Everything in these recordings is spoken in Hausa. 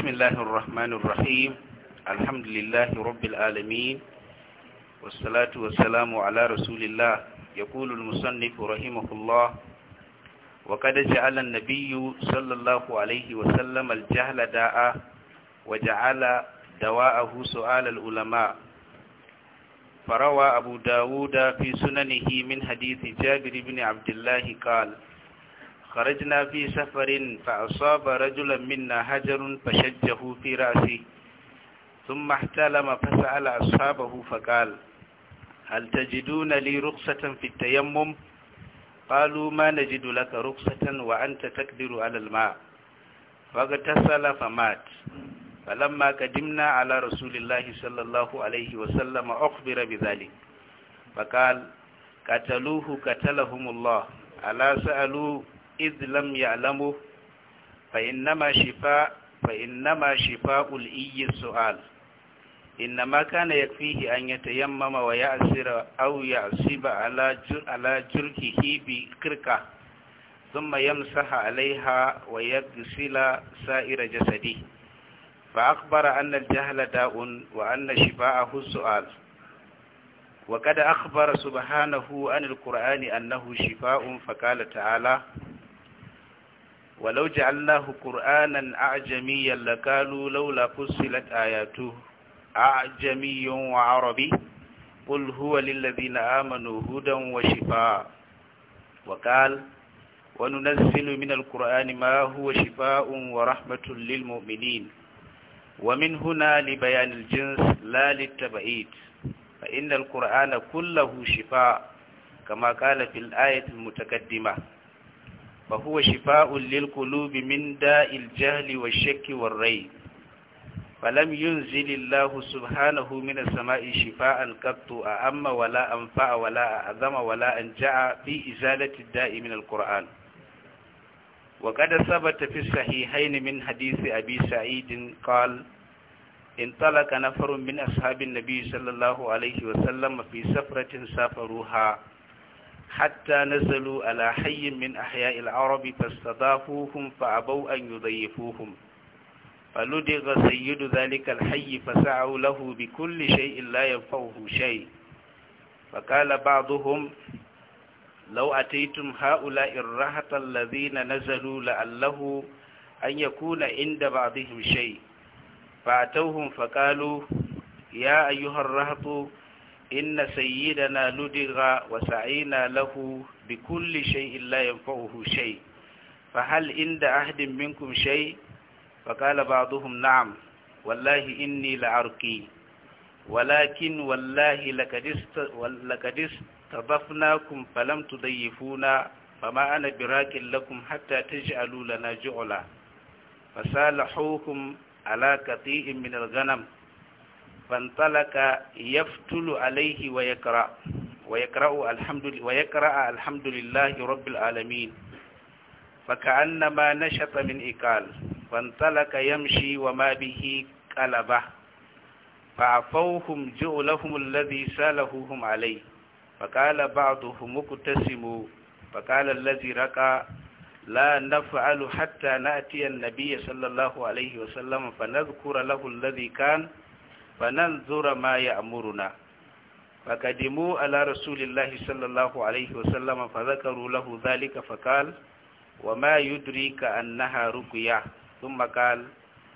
بسم الله الرحمن الرحيم الحمد لله رب العالمين والصلاة والسلام على رسول الله يقول المصنف رحمه الله وقد جعل النبي صلى الله عليه وسلم الجهل داء وجعل دواءه سؤال العلماء فروى أبو داود في سننه من حديث جابر بن عبد الله قال خرجنا في سفر فأصاب رجلا منا حجر فشجه في رأسه ثم احتلم فسأل أصحابه فقال هل تجدون لي رخصة في التيمم قالوا ما نجد لك رخصة وأنت تقدر على الماء فاغتسل فمات فلما قدمنا على رسول الله صلى الله عليه وسلم أخبر بذلك فقال قتلوه قتلهم الله ألا سألوه izlam ya lamu fa’innama shifa’ul iyi su’al innama kana ya fihi an ya tayammama wa ya asira au ya asiba ala jirki hibi kirka sun saha alaiha wa ya gusila sa’ira jasadi fa akbara annal jahala da’un wa annal shifa’ahu su’al وقد أخبر سبحانه عن annahu shifa'un شفاء ta'ala. ولو جعلناه قرآنا أعجميا لقالوا لولا فصلت آياته أعجمي وعربي قل هو للذين آمنوا هدى وشفاء وقال وننزل من القرآن ما هو شفاء ورحمة للمؤمنين ومن هنا لبيان الجنس لا للتبعيد فإن القرآن كله شفاء كما قال في الآية المتقدمة فهو شفاء للقلوب من داء الجهل والشك والريب فلم ينزل الله سبحانه من السماء شفاء قط أهم ولا أنفع ولا أعظم ولا أنجع في إزالة الداء من القرآن وقد ثبت في الصحيحين من حديث أبي سعيد قال انطلق نفر من أصحاب النبي صلى الله عليه وسلم في سفرة سافروها حتى نزلوا على حي من أحياء العرب فاستضافوهم فأبوا أن يضيفوهم فلدغ سيد ذلك الحي فسعوا له بكل شيء لا ينفعه شيء فقال بعضهم لو أتيتم هؤلاء الرهط الذين نزلوا لعله أن يكون عند بعضهم شيء فأتوهم فقالوا يا أيها الرهط inna sayyidana ludiga wa sa'ina lahu bi kulli shay'in la yanfa'uhu shay fa hal inda ahdin minkum shai fa qala ba'dhum na'am wallahi inni la'arqi walakin wallahi lakadist tadafnakum falam tudayifuna fama ana birakin lakum hatta taj'alu lana ju'la fasalahukum ala qati'in min al-ghanam fantalaka yaftulu alaihi wa yakra wa yakra'u alhamdulillah wa alamin fa ka'anna ma nashata min iqal fantalaka yamshi wa ma bihi qalaba fa afawhum ju'lahum alladhi salahuhum alai fa qala ba'duhum muktasimu fa qala alladhi raqa لا hatta حتى نأتي النبي صلى الله عليه وسلم فنذكر له الذي كان Banan zura ma ya amuruna fa kadimu ala rasulillahi sallallahu alaihi wa sallama fa zakaru lahu dhalika fa qal wa ma yudrika annaha ruqya thumma qal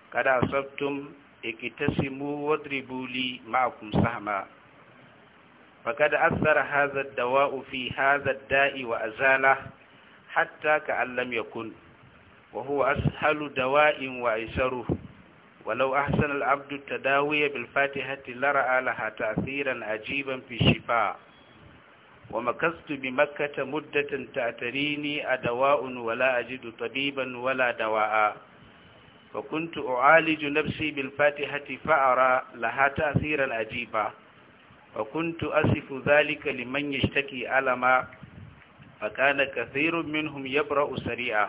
kada asabtum ikitasimu wadribu li ma'akum sahma fa kad athara hadha ad-dawa'u fi hadha ad-da'i wa azala hatta ka'allam yakun wa huwa ashalu dawa'in wa aysaruhu ولو أحسن العبد التداوي بالفاتحة لرأى لها تأثيرا عجيبا في الشفاء ومكثت بمكة مدة تعتريني أدواء ولا أجد طبيبا ولا دواء وكنت أعالج نفسي بالفاتحة فأرى لها تأثيرا عجيبا وكنت أصف ذلك لمن يشتكي ألما فكان كثير منهم يبرأ سريعا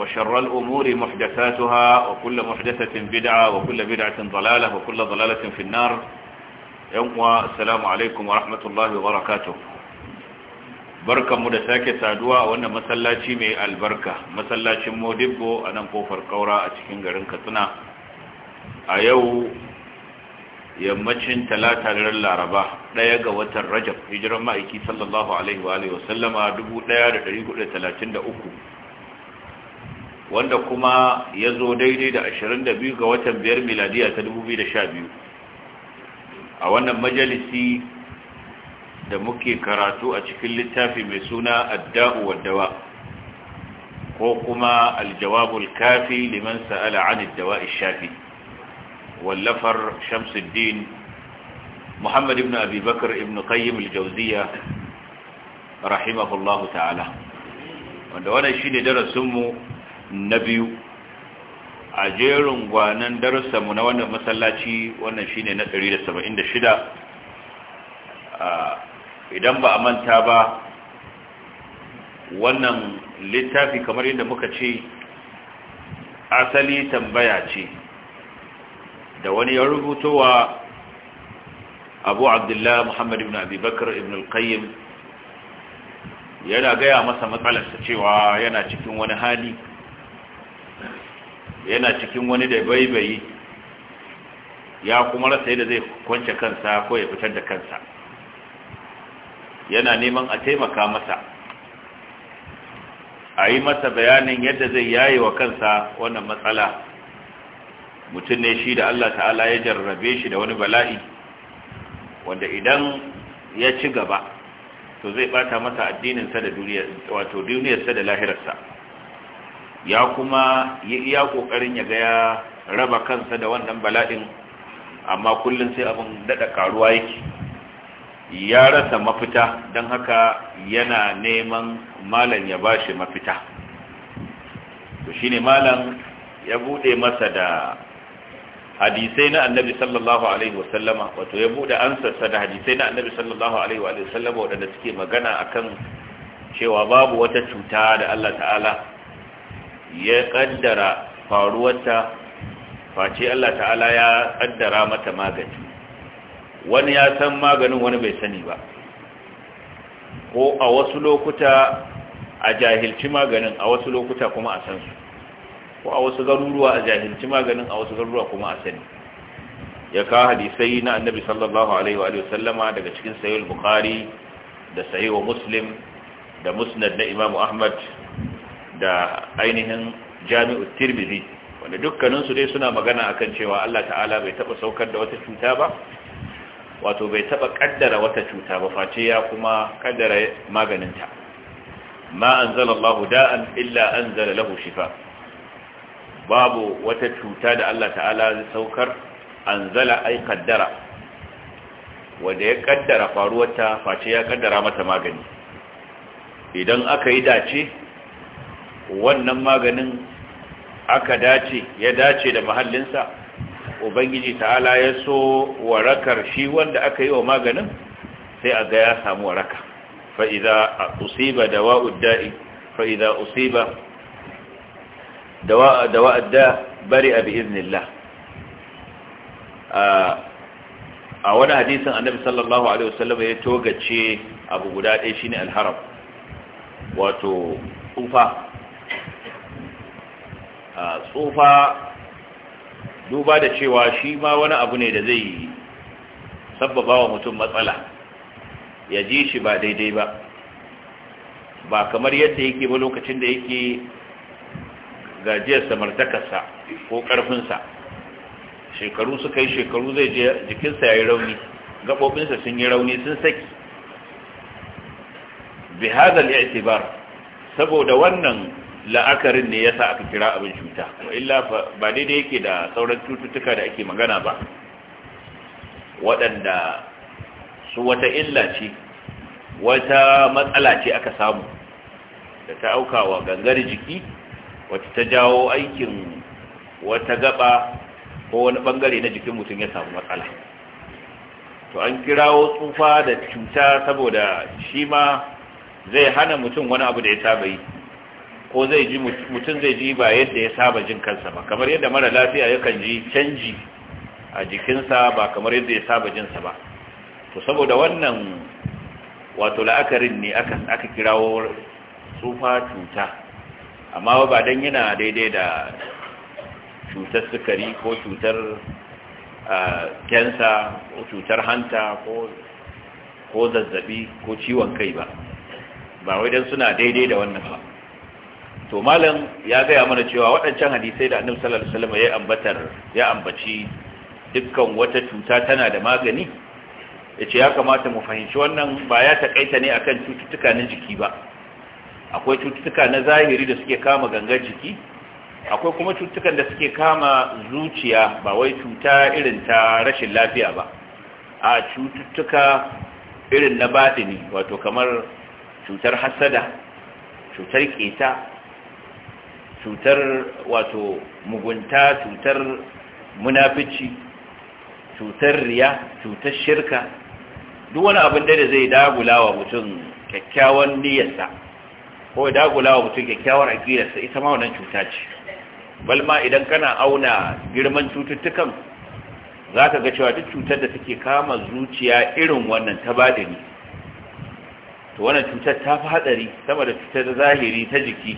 وشر الأمور محدثاتها وكل محدثة بدعة وكل بدعة ضلالة وكل ضلالة في النار يوم السلام عليكم ورحمة الله وبركاته بركة مدساكة سادوة وانا مسلاتي مي البركة مسلاتي مودبو انا مقوفر قورا اتكين غرين كتنا ايو yammacin talata da ran laraba ɗaya ga watan rajab hijiran ma'aiki sallallahu alaihi wa alihi wasallama 1433 wanda kuma ya zo daidai da 22 ga watan biyar miladiya ta 2012 a wannan majalisi da muke karatu a cikin littafi mai suna adda'u waddawa ko kuma aljawabul kafi liman sa'ala an dawa'i shafi wallafar shamsuddin muhammad ibn abi bakar ibn qayyim aljawziya rahimahullahu ta'ala wanda wannan shine darasin mu na biyu a jerin gwanan darussanmu na wannan masallaci wannan shine na 176 idan ba a manta ba wannan littafi kamar yadda muka ce asali tambaya ce da wani ya rubuto wa abu abdullahi muhammad ibn abubakar ibn al-qayyim yana gaya masa matsalarsa cewa yana cikin wani hali yana cikin wani da baibayi ya kuma rasa yadda zai kwance kansa ko ya fitar da kansa yana neman a taimaka masa a yi masa bayanin yadda zai yaye wa kansa wannan matsala mutum ne shi da Allah ta'ala ya jarrabe shi da wani bala'i wanda idan ya ci gaba to zai bata masa addininsa da duniyarsa da lahirarsa ya kuma ya iya kokarin ya ga ya raba kansa da wannan bala'in amma kullum sai abin dada karuwa yake ya rasa mafita don haka yana neman malam ya ba shi mafita to shine malam ya bude masa da hadisai na annabi sallallahu alaihi wasallama wato ya bude ansarsa da hadisai na annabi sallallahu alaihi wasallama waɗanda suke magana akan cewa babu wata cuta da Allah ta'ala ya kaddara faruwarta face Allah ta'ala ya kaddara mata magani wani ya san maganin wani bai sani ba ko a wasu lokuta a jahilci maganin a wasu lokuta kuma a san su ko a wasu garuruwa a jahilci maganin a wasu garuruwa kuma a sani ya kawo hadisai na annabi sallallahu alaihi wa sallama daga cikin sahih bukhari da sahih muslim da musnad na imam ahmad da ainihin jami'ut tirmidhi wanda dukkaninsu dai suna magana akan cewa Allah ta'ala bai taba saukar da wata cuta ba wato bai taba kaddara wata cuta ba face ya kuma kaddara maganinta ma anzalallahu da'an illa anzala lahu shifa babu wata cuta da Allah ta'ala zai saukar anzala ai kaddara wanda ya kaddara faruwarta face ya kaddara mata magani idan aka yi dace wannan maganin aka dace ya dace da mahallinsa ubangiji ta'ala ya so warakar shi wanda aka yi wa maganin sai a ga ya samu waraka fa'iza usiba da wa'udda'i fa'iza usiba da wa'adda bari a bi'iznillah a wani hadisin annabi sallallahu alaihi wasallam ya togace abu guda ɗaya shine alharam wato tsufa tsufa duba da cewa shi ma wani abu ne da zai sabbaba wa mutum matsala ya ji shi ba daidai ba ba kamar yadda yake ba lokacin da yake gajiyar samartakarsa ko ƙarfinsa shekaru suka yi shekaru zai jikinsa ya yi rauni gaɓoɓinsa sun yi rauni sun saki bihadal i'tibar saboda wannan la'akarin ne yasa aka kira abin cuta wa illa ba daidai yake da sauran cututtuka da ake magana ba waɗanda su wata illa ce wata matsala ce aka samu da ta auka wa gangar jiki wata ta jawo aikin wata gaba ko wani bangare na jikin mutum ya samu matsala to an kirawo tsufa da cuta saboda shi ma zai hana mutum wani abu da ya saba yi ko zai ji mutum zai ji ba yadda ya saba jin kansa ba kamar yadda mara lafiya yakan ji canji a jikinsa ba kamar yadda ya saba jinsa ba to saboda wannan wato la'akarin ne aka kirawo tsufa cuta amma ba don yana daidai da cutar sukari ko cutar kensa ko cutar hanta ko zazzabi ko ciwon kai ba ba wai don suna daidai da wannan ba to malam ya gaya mana cewa waɗancan hadisai da annabi sallallahu alaihi wasallam ya ambatar ya ambaci dukkan wata cuta tana da magani yace ya kamata mu fahimci wannan ba ya takaita ne akan cututtuka na jiki ba akwai cututtuka na zahiri da suke kama gangar jiki akwai kuma cututtukan da suke kama zuciya ba wai cuta irin ta rashin lafiya ba a cututtuka irin na batini wato kamar cutar hasada cutar keta cutar wato mugunta cutar munafici cutar riya cutar shirka duk wani abin da zai dagula wa mutum kyakkyawan niyyarsa ko dagula wa mutum kyakkyawar aƙirarsa ita ma wannan cuta ce balma idan kana auna girman cututtukan za ka ga cewa duk cutar da take kama zuciya irin wannan ta badani to wannan cutar ta fi haɗari sama da cutar zahiri ta jiki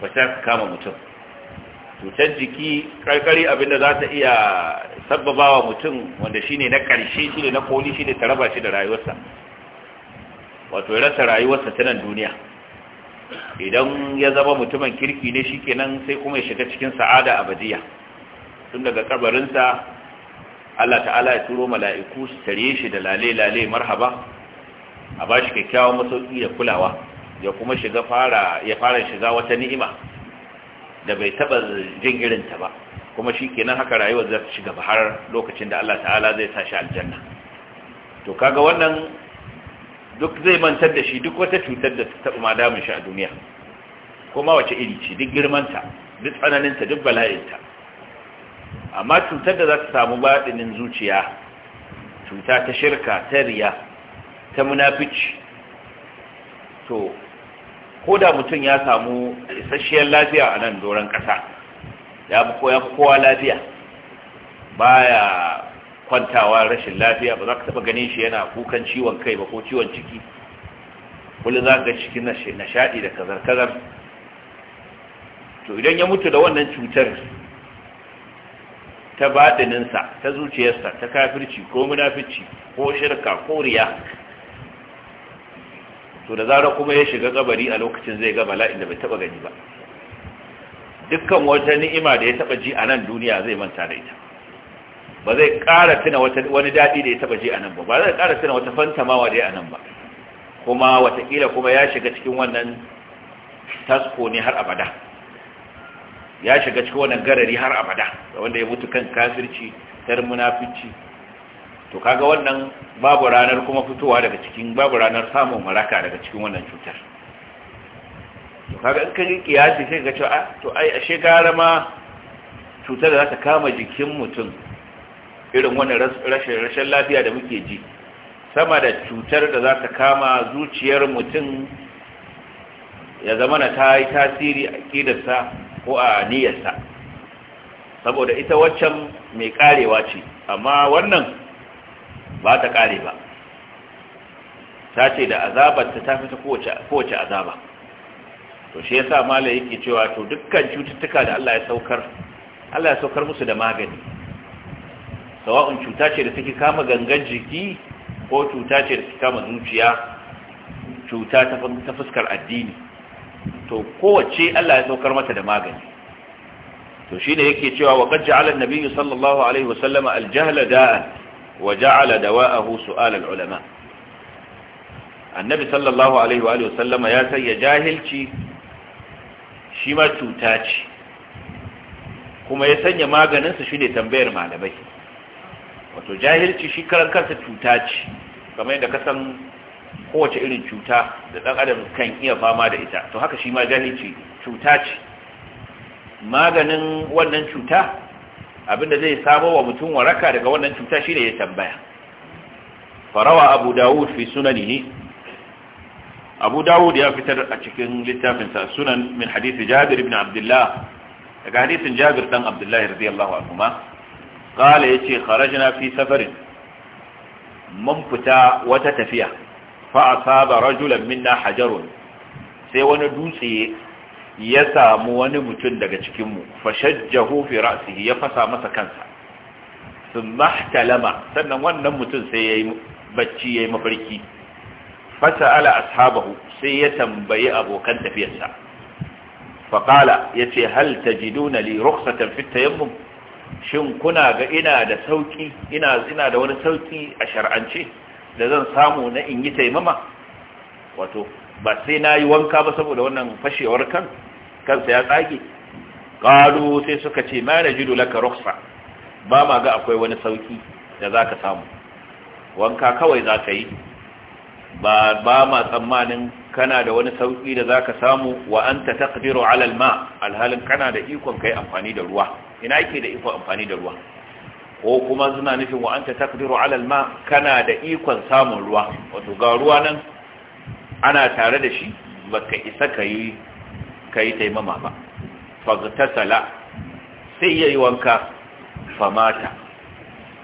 fata ka kama mutum cutar jiki karkari abinda za ta iya sabbaba wa mutum wanda shine na karshe ne na koli shi ne ta raba shi da rayuwarsa wato ya rasa rayuwarsa ta nan duniya idan ya zama mutumin kirki ne shi shikenan sai kuma ya shiga cikin sa'ada abadiya tun daga kabarinsa Allah ta'ala ya turo mala'iku su tare shi da lale lale marhaba a bashi kyakkyawan masauki da kulawa ya kuma shiga fara ya fara shiga wata ni'ima da bai taba jin irin ba kuma shi kenan haka rayuwar za ta shiga har lokacin da Allah ta'ala zai sa shi aljanna to kaga wannan duk zai mantar da shi duk wata cutar da ta taba damun shi a duniya kuma wace iri ce duk girmanta duk tsananinta duk bala'inta amma cutar da za ta samu baɗinin zuciya cuta ta shirka ta riya ta munafici to ko da mutum ya samu isasshiyar lafiya a nan doron ƙasa ya fi kowa lafiya ba ya kwantawa rashin lafiya ba za ka taɓa ganin shi yana kukan ciwon kai ba ko ciwon ciki kullum za ka cikin nishaɗi da kazar-kazar to idan ya mutu da wannan cutar ta baɗininsa ta zuciyarsa ta kafirci ko munafici ko shirka ko riya to da zarar kuma ya shiga kabari a lokacin zai ga bala'in da bai taba gani ba dukkan wata ni'ima da ya taba ji a nan duniya zai manta da ita ba zai ƙara tuna wani daɗi da ya taba ji a nan ba ba zai ƙara tuna wata fantamawa da ya a nan ba kuma watakila kuma ya shiga cikin wannan tasko ne har abada ya shiga cikin wannan garari har abada wanda ya mutu kan kafirci tar munafici to kaga wannan babu ranar kuma fitowa daga cikin babu ranar samun maraka daga cikin wannan cutar to kaga in ka kiyasi sai ka ce a ah, to ai ashe shekara ma cutar da za ta kama jikin mutum irin wannan rashin rashin lafiya da muke ji sama da cutar da za ta kama zuciyar mutum ya zama na ta yi tasiri a kidarsa ko a niyyarsa saboda ita waccan mai karewa ce amma wannan ba ta ƙare ba ta ce da azabarta ta fita kowace azaba to shi sa malai yake cewa to dukkan cututtuka da Allah ya saukar Allah ya saukar musu da magani sawa'un cuta ce da take kama gangan jiki ko cuta ce da take kama zuciya cuta ta fuskar addini to kowace Allah ya saukar mata da magani to shi ne yake cewa wa qad ja'ala an-nabiy sallallahu alaihi wasallam al-jahla da'an وجعل دواءه سؤال العلماء النبي ulama annabi sallallahu alaihi wa sallama ya sanya jahilci ما توتاتي kuma ya sanya maganinsa shi ne tambayar malamai wato jahilci shi karan kansa cuta ce kamar yadda kasan kowace irin cuta da ɗan adam kan iya fama da ita to haka shi ma jahilci cuta ce maganin wannan cuta abinda zai samo wa mutum waraka daga wannan cuta shine ya tambaya farawa abu dawud fi sunanihi abu dawud ya fitar a cikin littafin sa sunan min hadisi jabir ibn abdullah daga hadisin jabir dan abdullah radiyallahu anhu ma qala yace kharajna fi safarin mun fita wata tafiya fa asaba rajulan minna hajarun sai wani dutse ya samu wani mutum daga cikinmu fashajjahu fi ra'sihi ya fasa masa kansa thumma talama sannan wannan mutum sai yayi bacci yayi mafarki fasa'ala ashabahu sai ya tambayi abokan tafiyarsa faqala yace hal tajiduna li rukhsatan fi tayammum shin kuna ga ina da sauki ina ina da wani sauki a shar'ance da zan samu na in yi taimama wato ba sai na yi wanka ba saboda wannan fashewar kan kansa ya tsage qalu sai suka ce ma najidu laka rukhsa ba ma ga akwai wani sauki da zaka samu wanka kawai za ka yi ba ba ma tsammanin kana da wani sauki da zaka samu wa an ta ala alma alhalin kana da ikon ka yi amfani da ruwa ina ke da ikon amfani da ruwa ko kuma suna nufin wa an ta ala alma kana da ikon samun ruwa wato ga ruwa nan ana tare da shi baka isa ka yi ka yi taimama ba sala sai ya yi wanka famata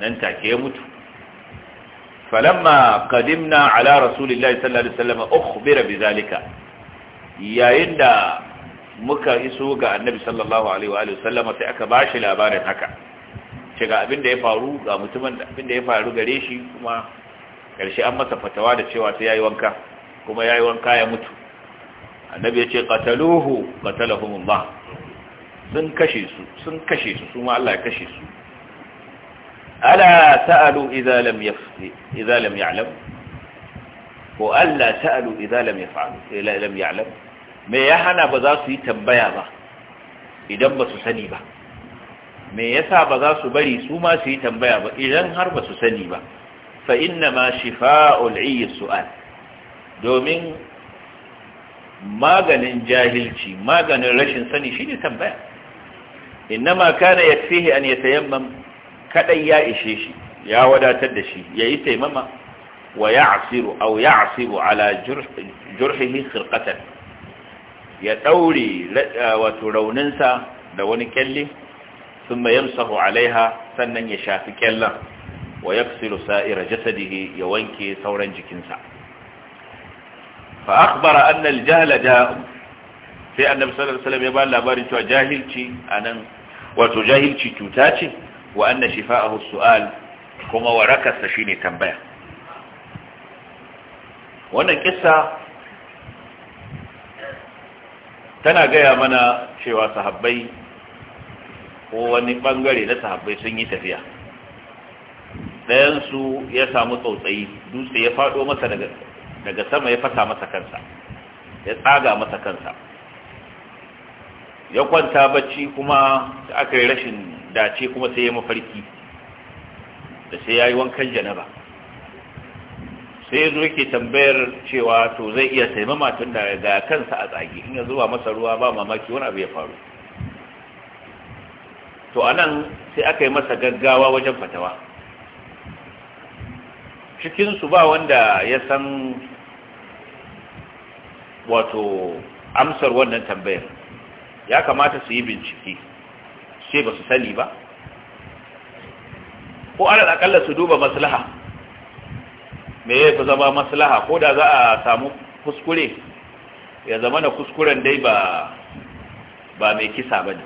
nan take ya mutu falamma kadimna ala rasulillahi sallallahu alaihi wasallam ukhbira bizalika yayin da muka iso ga annabi sallallahu alaihi wa sallama sai aka bashi labarin haka ce abinda ya faru ga mutumin abin ya faru gare shi kuma karshe an masa fatawa da cewa sai yayi wanka kuma yayi wanka ya mutu annabi ya ce qataluhu qatalahumullah sun kashe su sun kashe su su ma Allah ya kashe su ala sa'alu idza lam yafti idza lam ya'lam ko alla sa'alu idza lam yaf'alu lam ya'lam me ya hana ba za su yi tambaya ba idan ba su sani ba me yasa ba za su bari su ma su yi tambaya ba idan har ba su sani ba fa inna ma shifa'ul 'ayyi su'al domin maganin jahilci maganin rashin sani shine tambaya innama kana yakfihi an yatayammam kadai ya ishe shi ya wadatar da shi yayi taimama wa ya'siru aw ya'sibu ala jurhihi khirqatan ya daure eh, wato rauninsa da wani kyalle thumma yamsahu alaiha sannan ya shafi kyallan wa yaksilu sa'ira jasadihi ya wanke sauran jikinsa fa akhbara anna al-jahla sai annabi sallallahu alaihi wasallam ya ba labarin cewa jahilci anan wato jahilci cuta ce wa anna shifa'ahu su'al kuma warakarsa shine tambaya wannan kissa tana gaya mana cewa sahabbai ko wani bangare na sahabbai sun yi tafiya ɗayansu ya samu tsautsayi dutse ya faɗo masa daga daga sama ya fasa masa kansa ya tsaga masa kansa ya kwanta bacci kuma da aka yi rashin dace kuma sai ya mafarki da sai ya yi wankan janaba sai ya zo yake tambayar cewa to zai iya taimama tun da ga kansa a tsage in ya zuwa masa ruwa ba mamaki wani abu ya faru to a nan sai aka yi masa gaggawa wajen fatawa cikinsu ba wanda ya san wato amsar wannan tambayar ya kamata su yi bincike sai ba su sani ba ko alal akalla su duba maslaha me ya fi zama maslaha ko da za a samu kuskure ya zama na kuskuren dai ba ba mai kisa ba ne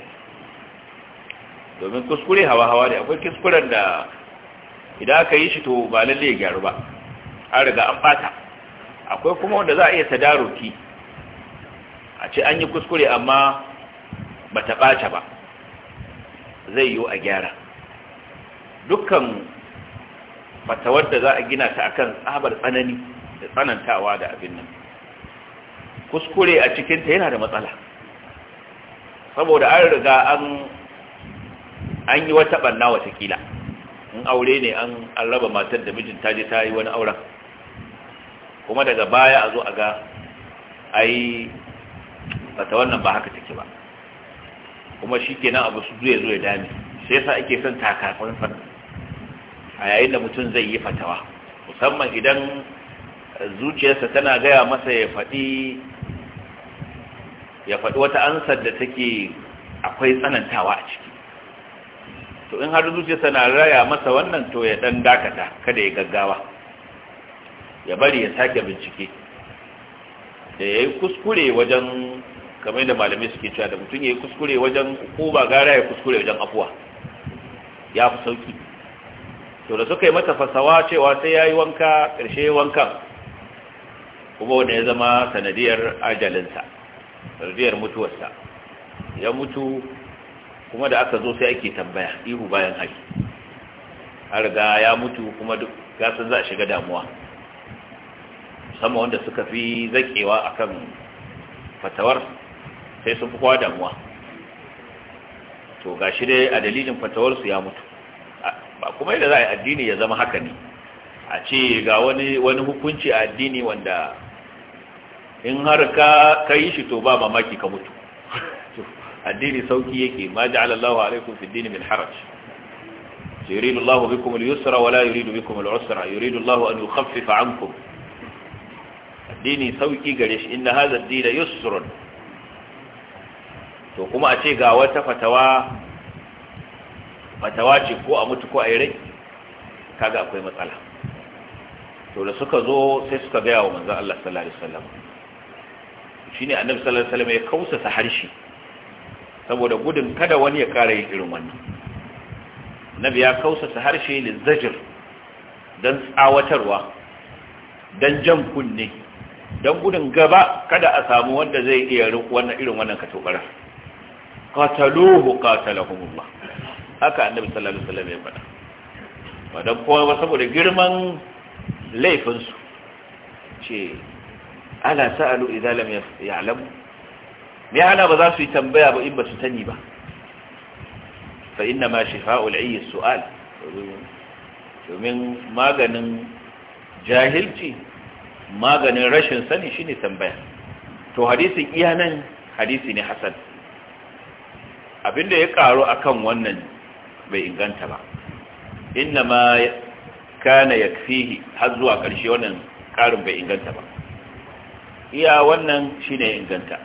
domin kuskure hawa-hawa ne akwai kuskuren da idan aka yi shi to ba lalle ya gyaru ba an riga an bata akwai kuma wanda za a iya tadaruki a ce an yi kuskure amma ba ta ɓace ba zai yiwu a gyara dukkan fatawar da za a gina ta akan tsabar tsanani da tsanantawa da abin nan kuskure a cikinta yana da matsala saboda an riga an an yi wata ɓanna watakila in aure ne an raba matar da mijin ta je ta yi wani auren kuma daga baya a zo a ga ai fata wannan ba haka take ba kuma shi kenan abu su zuwa zuwa ya sai yasa ake son takakon fata a yayin da mutum zai yi fatawa musamman idan zuciyarsa tana gaya masa ya faɗi ya faɗi wata ansar da take akwai tsanantawa a ciki to in har zuciyarsa na raya masa wannan to ya ɗan dakata kada ya gaggawa ya bari ya sake bincike da ya yi kuskure wajen kamar da malamai suke cewa da mutum ya kuskure wajen ba gara ya kuskure wajen afuwa ya fi sauki to da suka yi mata fasawa cewa sai ya yi wanka ƙarshe wankan kuma wanda ya zama sanadiyar ajalinsa sanadiyar mutuwarsa ya mutu kuma da aka zo sai ake tambaya ihu bayan haki har ga ya mutu kuma duk gasan za a shiga damuwa musamman wanda suka fi zakewa akan fatawar sai sun fi kowa damuwa to gashi dai a dalilin fatawarsu ya mutu ba kuma yadda za a yi addini ya zama haka ne a ce ga wani wani hukunci a addini wanda in har ka yi shi to ba mamaki ka mutu addini sauki yake ma ji alallahu alaikum fi dini min haraj يريد الله بكم اليسر ولا يريد بكم العسر يريد الله أن يخفف عنكم الدين سوكي قريش إن هذا الدين يسر to kuma a ce ga wata fatawa fatawa ce ko a mutu ko a yi rai kaga akwai matsala to da suka zo sai suka gaya wa manzan Allah sallallahu alaihi wasallam shine annabi sallallahu alaihi wasallam ya kausasa harshe saboda gudun kada wani ya kara yin irin wannan annabi ya kausasa harshe lizajir dan tsawatarwa dan jan kunne dan gudun gaba kada a samu wanda zai iya wannan irin wannan katobarar qataluhu qatalahumullah haka annabi sallallahu alaihi wasallam ya faɗa ba dan kowa ba saboda girman laifin su ce ala sa'alu idza lam ya'lamu me ana ba za su yi tambaya ba in ba su sani ba fa inna ma shifa'ul ayyi su'al domin maganin jahilci maganin rashin sani shine tambaya to hadisin iya nan hadisi ne hasan Abin da ya karu akan wannan bai inganta ba inna ma kana yakfihi har zuwa ƙarshe wannan karin bai inganta ba iya wannan shine inganta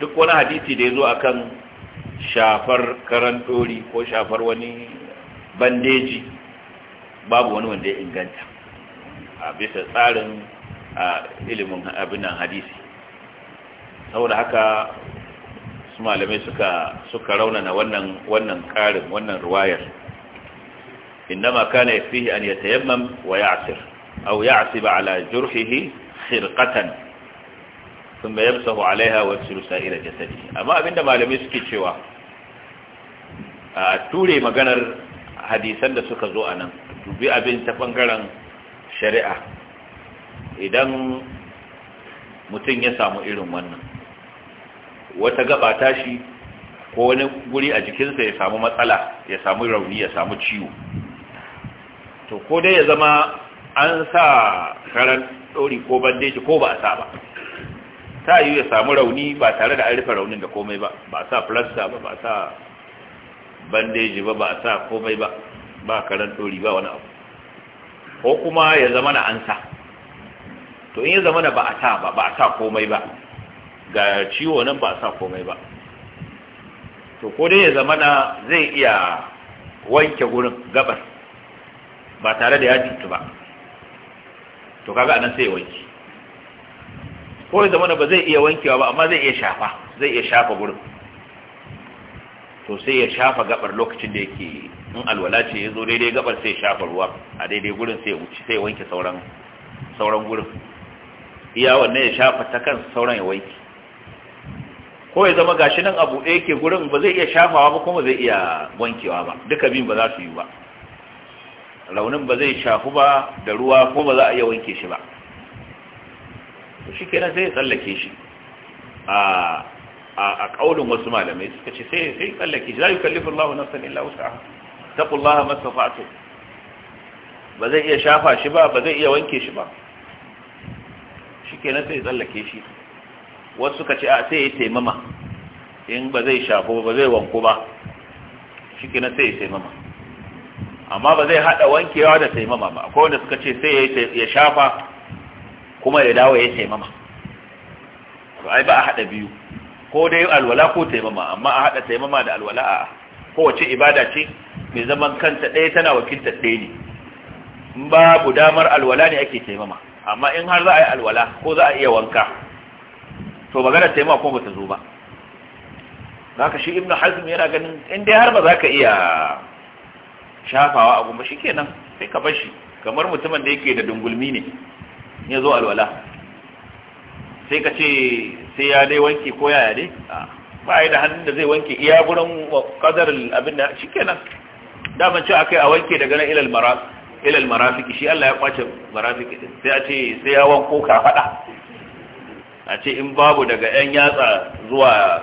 duk wani hadisi da ya zo akan shafar karantori ko shafar wani bandeji babu wani wanda ya inganta a bisa tsarin ilimin abinan hadisi saboda haka su malamai suka suka raunana wannan wannan karin wannan riwayar innama kana yafihi an yatayammam wa ya'sir aw ya'sib ala jurhihi khirqatan thumma yamsahu alaiha wa yasiru sa'ira jasadihi amma abinda malamai suke cewa a ture maganar hadisan da suka zo anan dubi abin ta bangaren shari'a idan mutum ya samu irin wannan wata gaba tashi ko wani guri a jikinsa ya samu matsala ya samu rauni ya samu ciwo to ko dai ya zama an sa karan ɗori ko bandeji ko ba a sa ba ta yi ya samu rauni ba tare da an rufe raunin da komai ba ba a sa plasta ba ba a sa bandeji ba ba a sa komai ba ba karan ɗori ba wani abu ko kuma ya zama na an sa to in ya zama na ba a sa ba ba a sa komai ba ga ciwo nan ba sa komai ba to ko dai ya zama na zai iya wanke gurin gabas ba tare da ya cutu ba to kaga anan sai ya wanke ko ya zama ba zai iya wankewa ba amma zai iya shafa zai iya shafa gurin to sai ya shafa gabar lokacin da yake in alwala ce ya zo daidai gabar sai ya shafa ruwa a daidai gurin sai ya wuce sai ya wanke sauran sauran gurin iya wannan ya shafa ta kan sauran ya wanke ko ya zama gashi nan abu ɗaya ke gurin ba zai iya shafawa ba kuma zai iya wankewa ba duka biyun ba za su yi ba raunin ba zai shafu ba da ruwa ko ba za a iya wanke shi ba shi kenan sai ya tsallake shi a a wasu malamai suka ce sai sai tsallake shi za la na Allahu lausa ta wus'aha masu fato ba zai iya shafa shi ba ba zai iya wanke shi ba shi kenan sai ya tsallake shi wasu suka ce a sai ya taimama in ba zai shafo ba zai wanko ba shi kina sai ya taimama amma ba zai hada wankewa da taimama ba akwai wanda suka ce sai ya shafa kuma ya dawo ya taimama to ai ba a hada biyu ko dai alwala ko taimama amma a hada taimama da alwala a kowace ibada ce mai zaman kanta ɗaya tana wakiltar ɗaya ne in babu damar alwala ne ake taimama amma in har za a yi alwala ko za a iya wanka to ba magana taimama kuma bata zo ba zaka shi ibnu hazm yana ganin in dai har ba za ka iya shafawa a gumba shikenan sai ka bar shi kamar mutumin da yake da dungulmi ne ya zo alwala sai ka ce sai ya dai wanke ko yaya dai ba yi da hannun da zai wanke iya gurin kadar abin da shikenan daman ce akai a wanke daga nan ilal maras ilal marafiki shi Allah ya kwace marafiki din sai a ce sai ya wanko ka fada a ce in babu daga 'yan yatsa zuwa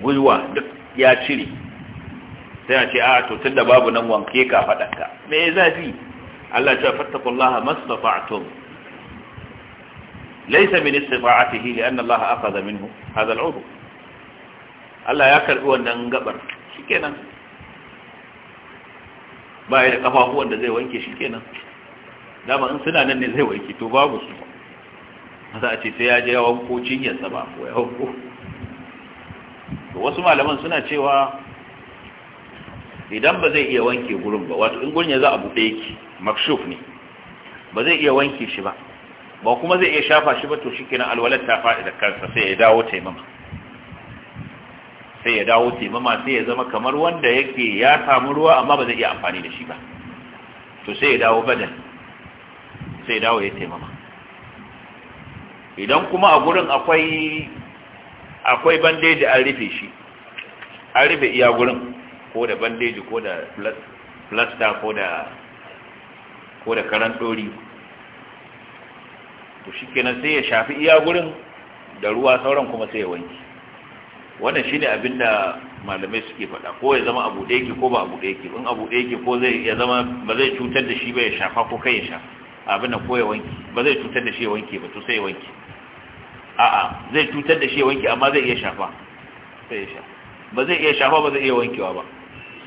gwiwa duk ya cire sai a ce a ah, tutun da babu nan wanke ka faɗanka me ya zafi Allah ce fattakullaha mastata'tum laysa min istifa'atihi li anna Allah akhadha minhu hadha al'udhu Allah ya karbi wannan gabar shikenan ba ya da kafafuwan da zai wanke shikenan dama in suna nan ne zai wanke to babu su za a ce sai ya je ya wanko cinyarsa ba ko ya wanko wasu malaman suna cewa idan ba zai iya wanke gurin ba wato in gurin ya za a buɗe yake makshuf ne ba zai iya wanke shi ba ba kuma zai iya shafa shi ba to shi kenan alwalar ta faɗi da kansa sai ya dawo taimama sai ya dawo taimama sai ya zama kamar wanda yake ya samu ruwa amma ba zai iya amfani da shi ba to sai ya dawo badan sai ya dawo ya taimama idan kuma a gurin akwai akwai bandeji an rufe shi an rufe iya gurin ko da bandeji ko da plasta ko da ko da karan dori to shikenan sai ya shafi iya gurin da ruwa sauran kuma sai ya wanki wannan shine abin da malamai suke faɗa ko ya zama abu ɗaya ke ko ba abu ɗaya ke in abu ɗaya ke ko zai ya zama ba zai cutar da shi ba ya shafa ko kai ya shafa abin da ko ya wanki ba zai cutar da shi ya wanki ba to sai ya wanki a'a zai cutar da shi wanke amma zai iya shafa sai ya sha ba zai iya shafa ba zai iya wankewa ba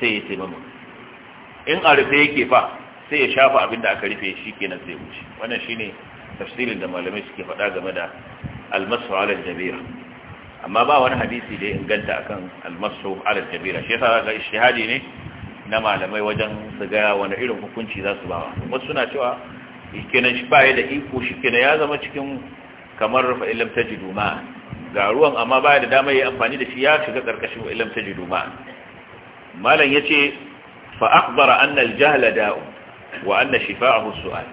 sai ya taimama in a rufe yake fa sai ya shafa abinda aka rufe shi kenan sai wuce wannan shine tafsirin da malamai suke faɗa game da almasu ala jabira amma ba wani hadisi da inganta akan almasu ala jabira shi yasa ga ishtihadi ne na malamai wajen su ga wani irin hukunci za su bawa wasu suna cewa kenan shi ba da iko shi kenan ya zama cikin kamar fa illam tajidu ga ruwan amma baya da dama yayi amfani da shi ya shiga karkashin illam tajidu ma malam yace fa akhbara annal jahala da'u wa anna shifa'ahu su'al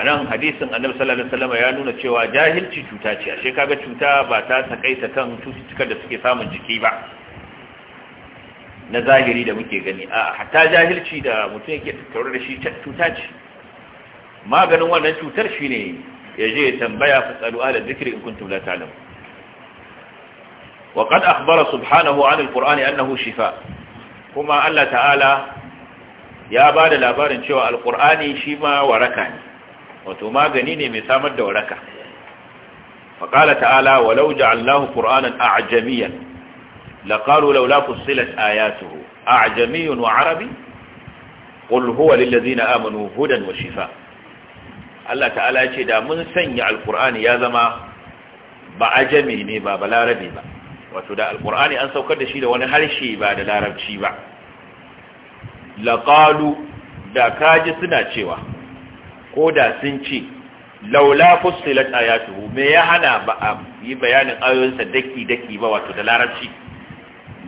anan hadisin annabi sallallahu alaihi ya nuna cewa jahilci cuta ce ashe kaga cuta ba ta takaita kan cututtukan da suke samun jiki ba na zahiri da muke gani a hatta jahilci da mutum yake tattare da shi cuta ce maganin wannan cutar shine يجي تنبيا فاسألوا أهل الذكر إن كنتم لا تعلمون وقد أخبر سبحانه عن القرآن أنه شفاء كما ألا تعالى يا بعد الأبار إن شوى القرآن شما وركاني وتما قنيني مثامد ولك فقال تعالى ولو جعلناه قرآنا أعجميا لقالوا لولا فصلت آياته أعجمي وعربي قل هو للذين آمنوا هدى وشفاء Allah ta'ala ya ce da mun sanya alkur'ani ya zama ba ajami ne ba ba larabe ba wato da alkur'ani an saukar da shi da wani harshe ba da larabci ba laqalu da kaji suna cewa ko da sun ce laula fussilat ayatuhu me ya hana ba a yi bayanin ayoyinsa daki daki ba wato da larabci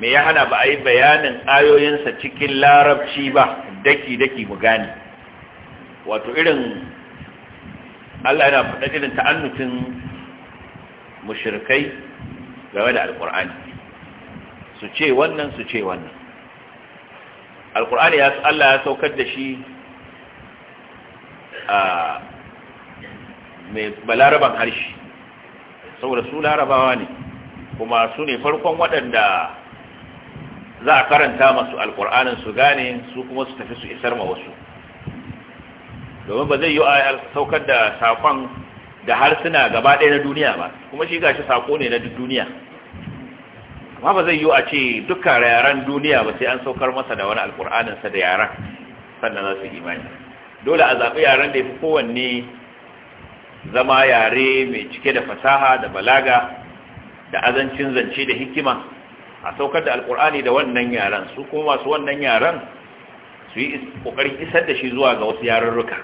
me ya hana ba a yi bayanin ayoyinsa cikin larabci ba daki daki mu gane wato irin Allah yana faɗa irin ta'annutin mushrikai game da alqur'ani su ce wannan su ce wannan ya Allah ya saukar da shi a mai balaraban harshe saboda su larabawa ne kuma su ne farkon waɗanda za a karanta masu alƙur'anin su gane su kuma su tafi su isar ma wasu domin ba zai yi a saukar da sakon da harsuna gaba ɗaya na duniya ba kuma shi gashi sako ne na duniya amma ba zai yi a ce dukkan yaren duniya ba sai an saukar masa da wani alkur'aninsa da yaren sannan za su imani dole a zaɓi yaran da ya fi kowanne zama yare mai cike da fasaha da balaga da azancin zance da hikima a saukar da alkur'ani da wannan yaran su kuma masu wannan yaran su yi ƙoƙarin isar da shi zuwa ga wasu yarurruka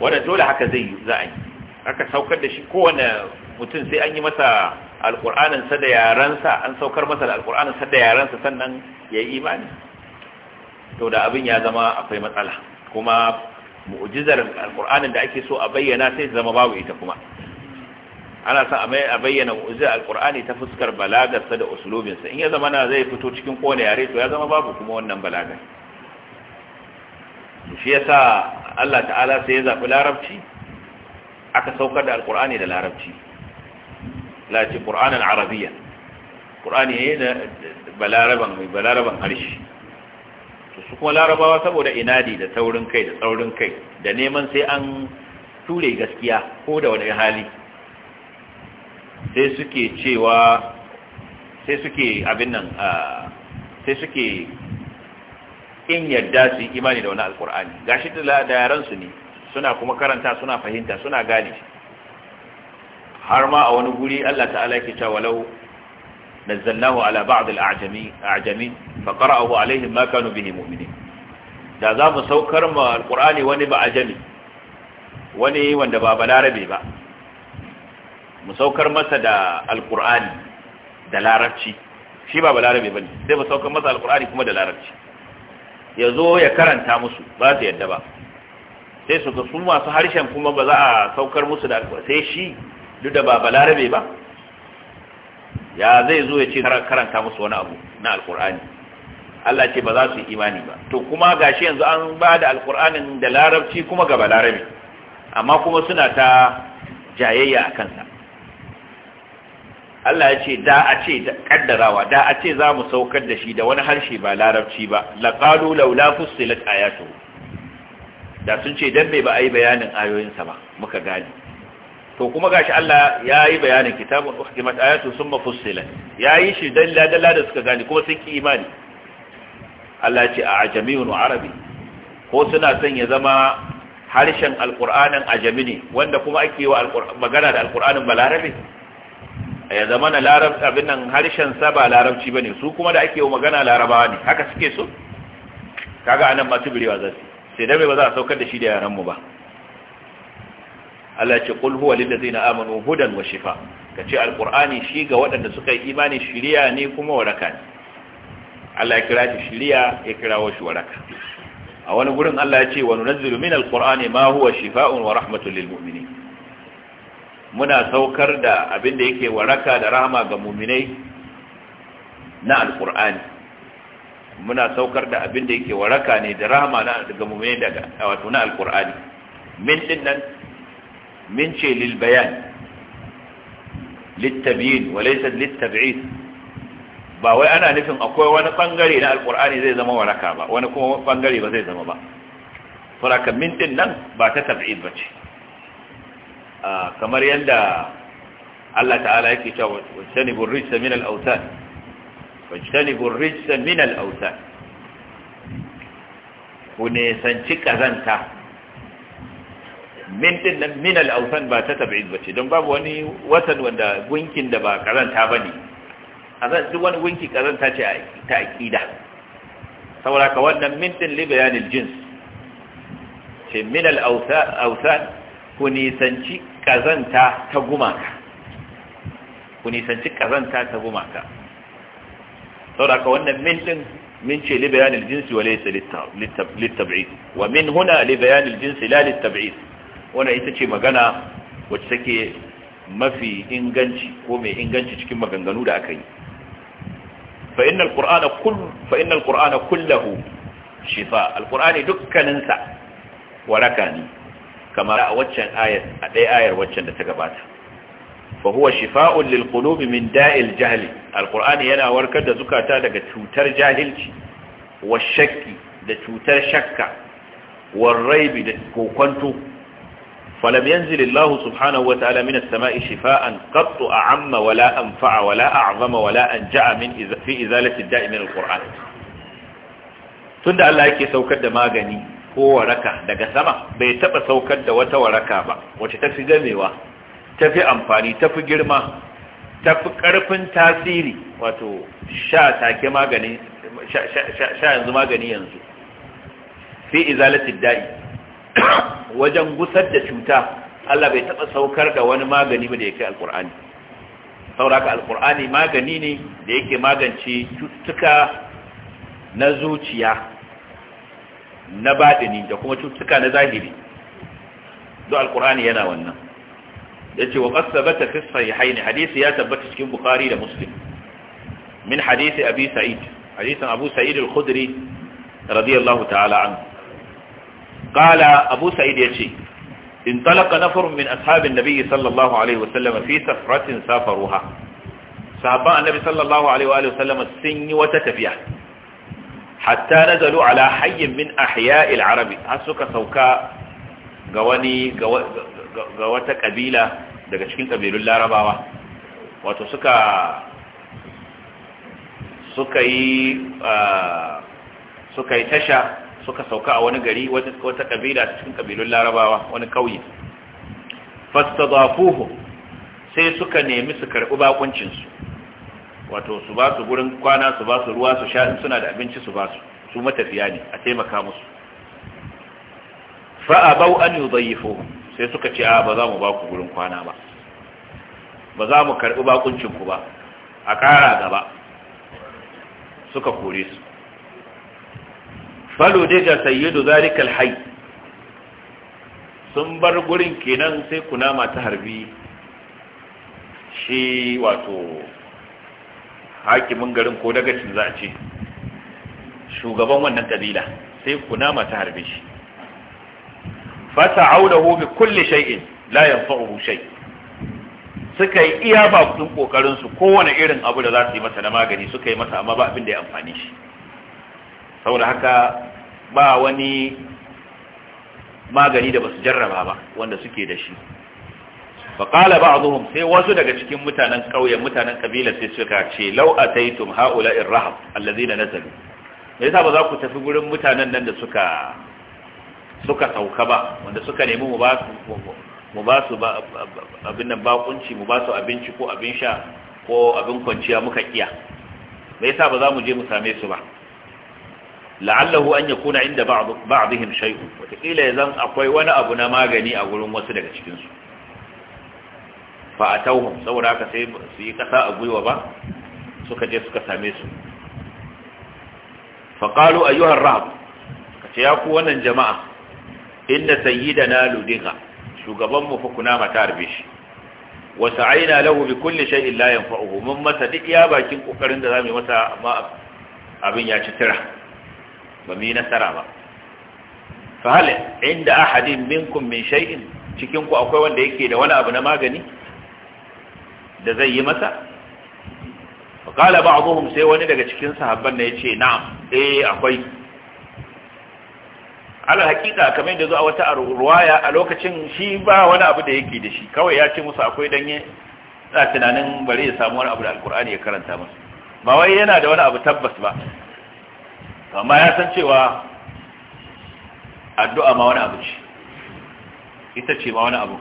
wanda dole haka zai yi za a yi aka saukar da shi kowane mutum sai an yi masa alƙur'anin da yarensa an saukar masa da alƙur'anin da yarensa sannan ya yi imani to da abin ya zama akwai matsala kuma mu'ujizar alƙur'anin da ake so a bayyana sai zama babu ita kuma ana son a bayyana mu'ujizar alƙur'ani ta fuskar balagarsa da usulubinsa in ya zama na zai fito cikin kowane yare to ya zama babu kuma wannan balagar shi yasa Allah ta'ala sai ya zaɓi larabci aka saukar da alƙur'ani da larabci lati ƙur'anin Arabiyya, ƙur'ani ne da balaraban mai balaraban harshe su kuma larabawa saboda inadi da taurin kai da tsaurin kai da neman sai an ture gaskiya ko da wani hali sai suke cewa sai suke abin nan ah, sai suke kin yadda su yi imani da wani alkur'ani gashi da yaran ne suna kuma karanta suna fahimta suna gane har ma a wani guri Allah ta'ala yake cewa walau nazzalnahu ala ba'd al-a'jami a'jami fa qara'ahu alaihim ma kanu bihi mu'minin da za mu saukar ma alkur'ani wani ba ajami wani wanda ba balarabe ba mu saukar masa da alkur'ani da larabci shi ba balarabe ne, sai mu saukar masa alkur'ani kuma da larabci ya zo ya karanta musu ba su yadda ba sai su su masu harshen kuma ba za a saukar musu da sai shi duk da ba balarabe ba ya zai zo ya ce karanta musu wani abu na alkur'ani Allah ce ba za su yi imani ba to kuma gashi yanzu an ba da alkur'anin da larabci kuma ga balarabe amma kuma suna ta jayayya a kansa Allah ya ce da a ce kaddarawa da a ce za mu saukar da shi da wani harshe ba larabci ba laqalu laula fussilat ayatu da sun ce dan bai ba yi bayanin ayoyinsa ba muka gani to kuma gashi Allah ya yi bayanin kitabun uhkimat ayatu summa fussilat ya yi shi dalla dalla da suka gane kuma sun ki imani Allah ya ce a ajamiyun arabi ko suna son ya zama harshen alqur'anin ajami ne wanda kuma ake yi wa magana da alqur'anin balarabe ya zama na larabci abin nan harshen sa ba larabci bane su kuma da ake magana larabawa ne haka suke so kaga anan masu birewa za su sai dai ba za a saukar da shi da yaranmu mu ba Allah ce qul huwa lil ladzina amanu hudan wa shifa kace alqur'ani shi ga waɗanda suka yi imani shiriya ne kuma waraka ne Allah ya kira shi shiriya ya kirawo shi waraka a wani gurin Allah ya ce wa nunazzilu minal qur'ani ma huwa shifa'un wa rahmatun lil mu'minin muna saukar da abin da yake waraka da rahama ga muminai na alkur'ani muna saukar da abin da yake waraka ne da rahama ga muminai daga wato na alkur'ani min din nan min ce lil bayan littabiyin walaisar littabi'is ba wai ana nufin akwai wani bangare na alkur'ani zai zama waraka ba wani kuma bangare ba zai zama ba farakan min din nan ba ta tabi'id ba ce Ah, kamar yadda Allah ta'ala yake cewa wajtanibu rijsa min al-awtan wajtanibu rijsa min al-awtan ku ne sanci kazanta min din nan min al-awtan ba ta tab'id bace don babu wani watan wanda gunkin da ba kazanta bane azan duk wani gunki kazanta ce ta aqida saboda ka wannan min din li bayanil jins ce min al-awtan ku nisanci kazanta ta gumaka ku nisanci kazanta ta gumaka sauraka wannan min din min ce li bayanil jinsi wa laysa litab'id wa min huna li bayanil jinsi la litab'id wannan ita ce magana wacce take mafi inganci ko mai inganci cikin maganganu da aka yi Fa'inna innal qur'ana kullahu shifa alqur'ani dukkaninsa waraka ne kamar a waccan ayar a ɗaya ayar waccan da ta gabata fa huwa shifa'un lil qulubi min da'il jahli alqur'ani yana warkar da zukata daga cutar jahilci wa shakki da cutar shakka wa raibi da kokonto falam yanzil Allah subhanahu wa ta'ala min as-sama'i shifa'an qattu a'amma wala anfa'a wala a'zama wala anja'a min fi izalati da'i min alqur'an tunda Allah yake saukar da magani ko waraka daga sama bai taba saukar da wata waraka ba wacce ta fi gamewa ta fi amfani ta fi girma ta fi karfin tasiri wato sha take magani sha yanzu magani yanzu fi izalatin da'i wajen gusar da cuta Allah bai taba saukar da wani magani ba da yake alkur'ani sauraka alkur'ani magani ne da yake magance cututtuka na zuciya na baɗini da kuma cutuka na zahiri duk alkur'ani yana wannan yace wa qad thabata fi sahihayn hadisi ya tabbata cikin bukhari da muslim min hadisi abi sa'id hadisin abu sa'id al-khudri radiyallahu ta'ala anhu qala abu sa'id yace انطلق نفر من أصحاب النبي صلى الله عليه وسلم في سفرة سافروها sahabban annabi sallallahu alaihi wa alihi wasallam sun yi wata tafiya hatta nazalu ala hayyin min ahya'il arabi har suka sauka ga wani ga wata kabila daga cikin kabilun larabawa wato suka suka yi ah, tasha suka sauka a wani gari wata kabila cikin kabilun larabawa wani kauye fastadafuhu sai suka nemi su karɓi baƙuncinsu. wato su ba su gurin kwana su ba su ruwa su sha suna da abinci su ba su su matafiya ne a taimaka musu fa'abau an yudayyifu sai suka ce a ba za mu ba ku gurin kwana ba ba za mu karɓi bakuncin ku ba a ƙara gaba suka kore su falo dai daga sayyidu zarikal hai sun bar gurin kenan sai nama ta harbi shi wato hakimin garin ko dagacin za a ce shugaban wannan kabila sai kunama ta harbe shi ta'awdahu bi kulli shay'in la yanfa'uhu shay suka yi iya ba kudin kokarin su kowane irin abu da za su yi masa na magani suka yi masa amma ba abin da ya amfani shi saboda haka ba wani magani da basu jarraba ba wanda suke da shi faƙala ba a sai wasu daga cikin mutanen ƙauyen mutanen ƙabilar sai suka ce lau a taitum ha'ula in rahab allazi na nasaru me yasa ba za ku tafi gurin mutanen nan da suka suka sauka ba wanda suka nemi mu ba mu ba su abin nan bakunci mu ba su abinci ko abin sha ko abin kwanciya muka kiya me yasa ba za mu je mu same su ba la'allahu an yakuna inda ba'dihim shay'un wata kila yanzu akwai wani abu na magani a gurin wasu daga cikin su fa atawhum saboda haka sai su yi kasa a gwiwa ba suka je suka same su fa a ayyuha ar kace ya ku wannan jama'a inna sayyidana ludiga shugaban mu fa kuna mata harbe shi Wasu aina lahu bi kulli shay'in la yanfa'uhu mun masa duk ya bakin kokarin da zamu masa amma abin ya ci tira ba mu yi nasara ba fa hal inda ahadin minkum min shay'in cikin ku akwai wanda yake da wani abu na magani da zai yi masa ba ba'dhum sai wani daga cikin sahabban ya ce na'am eh akwai ala hakika kamar da zo a wata ruwaya a lokacin shi ba wani abu da yake da shi kawai ya ce musu akwai danye na tunanin bari ya samu wani abu da alkur'ani ya karanta musu ba wai yana da wani abu tabbas ba amma ya san cewa addu'a ma wani abu ce ita ce ma wani abu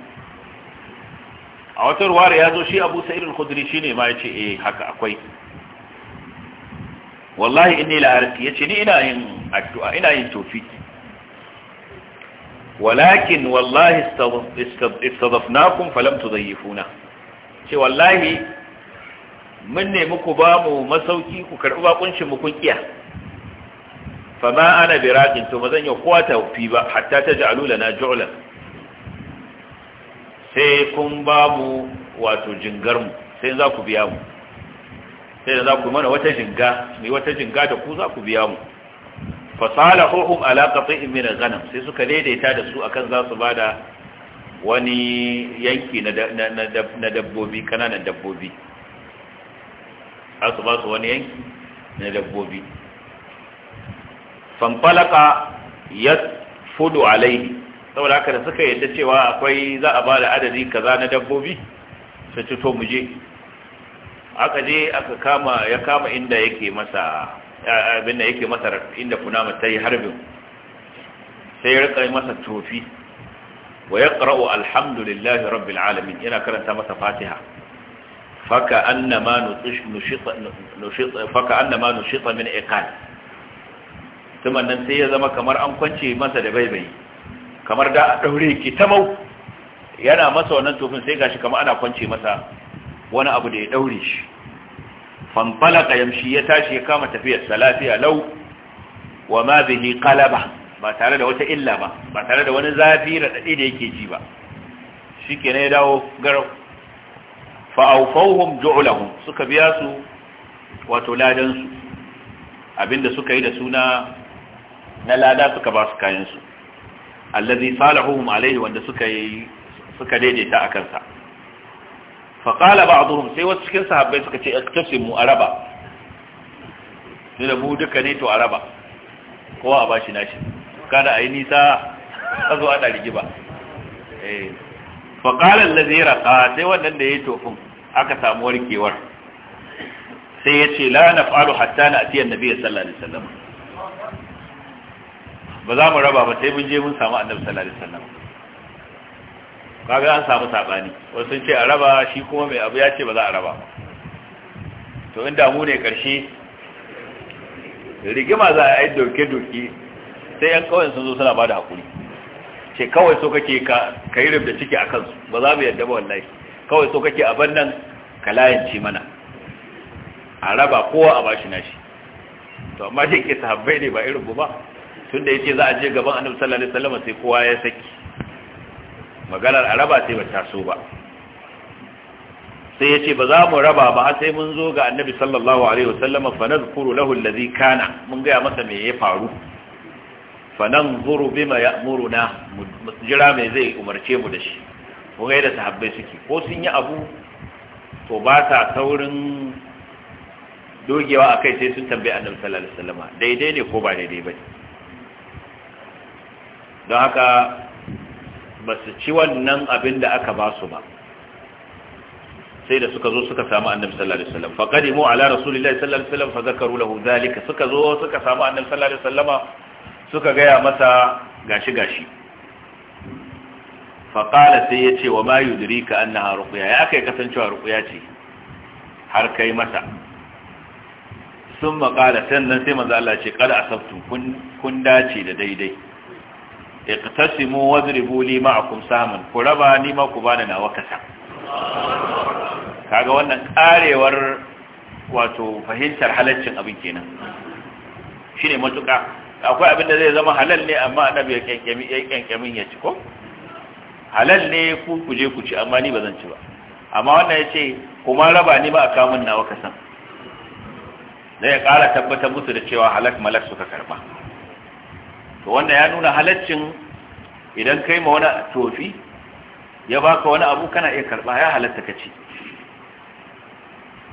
a wata ruwar ya zo shi abu sa'id al shi ne ma yace eh haka akwai wallahi inni la ya ce ni ina yin addu'a ina yin tofi walakin wallahi istadafnakum falam tudayifuna ce wallahi mun ne muku ba mu masauki ku karbi bakuncin mu kun kiya fama ana biraqin to bazan yi kowa tawfi ba hatta taj'alu lana ju'lan sai kun ba mu wato jingar mu sai za ku biya mu sai da za ku mana wata jinga mai wata jinga da ku za ku biya mu fasalahuhum ala qati'in min al-ghanam sai suka daidaita da su akan za su bada wani yanki na na dabbobi kananan dabbobi asu ba su wani yanki na dabbobi fanfalaka fudu alaihi saboda haka da suka yadda cewa akwai za a ba da adadi kaza na dabbobi su ci mu je. aka je aka kama ya kama inda yake masa abin yake masa inda kunama ta yi harbin sai ya rika masa tofi wa ya ƙara'u alhamdulillahi rabbil alamin yana karanta masa fatiha faka annama nushita min iqal tuman sai ya zama kamar an kwance masa da baibai. kamar da a ɗaure ki ta mau. yana masa wannan tufin sai gashi kamar ana kwance masa wani abu da ya ɗaure shi fanfalaka yamshi ya tashi ya kama tafiyar salafiya lau wa ma bihi qalaba ba tare da wata illa ba ba tare da wani zafi da dade da yake ji ba shikenan ya dawo garau fa awfawhum ju'lahum suka biya su wato ladan su abinda suka yi da suna na lada suka ba su kayan su allazi salahuhum alaihi wanda suka yi suka daidaita a kansa faƙala ba a sai wasu cikin sahabbai suka ce iktasin mu araba da mu duka ne to araba kowa a bashi nashi kada a yi nisa a zo ana rigiba eh. faƙalar lazira ka sai wannan da ya tofin aka samu warkewar sai ya ce la na faru hatta na atiyar nabi sallallahu alaihi wasallam ba za mu raba ba sai mun je mun samu annabi sallallahu alaihi wasallam kaga an samu sabani wasu sun ce a raba shi kuma mai abu ya ce ba za a raba to inda mu ne karshe rigima za a yi doke-doke sai yan kawai sun zo suna bada hakuri haƙuri ce kawai so kake ka kai rubda ciki a kansu ba za mu yadda ba wallahi kawai so kake ban nan ka layanci mana a raba kowa a bashi nashi to amma shi ke sahabbai ne ba irin ba Tun da yace za a je gaban annabi sallallahu alaihi wasallam sai kowa ya saki maganar araba sai ba so ba sai yace ba za mu raba ba har sai mun zo ga annabi sallallahu alaihi wasallam fa nazkuru lahu allazi kana mun ga masa me ya faru fa nanzuru bima ya'muruna jira me zai umarce mu da shi ko ga da sahabbai suke ko sun yi abu to ba ta saurin dogewa akai sai sun tambaye annabi sallallahu alaihi wasallam daidai ne ko ba daidai ba ne don haka ba su ci wannan abin da aka ba su ba sai da suka zo suka samu annabi sallallahu alaihi wasallam faqadimu ala rasulillahi sallallahu alaihi wasallam fadhakaru lahu zalika suka zo suka samu annabi sallallahu alaihi wasallama suka gaya masa gashi gashi faqala sai yace wa ma yudrika annaha ruqya ya kai kasancewa ruqya ce har kai masa sun maƙala sannan sai manzo Allah ce kada asabtu kun kun dace da daidai iqtasimu wadribu li ma'akum samun ku raba ni ma ku bani nawa kasa kaga wannan karewar wato fahimtar halaccin abin kenan shine matuka akwai abin da zai zama halal ne amma annabi ya kenkemi ya kenkemin ya ci ko halal ne ku ku je ku ci amma ni bazan ci ba amma wannan yace kuma raba ni ba a nawa kasan zai ya kara tabbatar musu da cewa halak malak suka karba to wanda ya nuna halaccin idan kai ma wani tofi ya baka wani abu kana iya karba ya halatta ka ci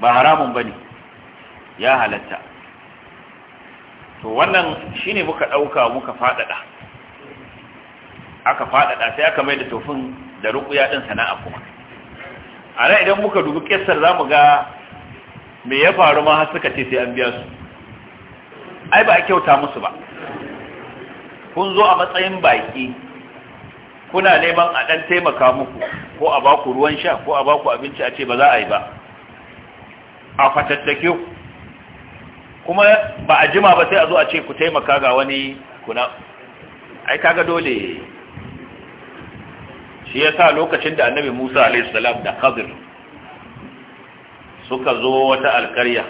ba haramun bane ya halatta to wannan shine muka dauka muka fadada aka fadada sai aka mai da tofin da rukuya din sana'a kuma a nan idan muka dubi kessar mu ga me ya faru ma har suka ce sai an biya su ai ba a kyauta musu ba kun zo a matsayin baki kuna neman a ɗan taimaka muku ko a baku ruwan sha ko a baku abinci a ce ba za a yi ba a fatattake ku kuma ba a jima ba sai a zo a ce ku taimaka ga wani kuna ai kaga dole shi ya sa lokacin da annabi musa a.s. da khadir suka zo wata alkarya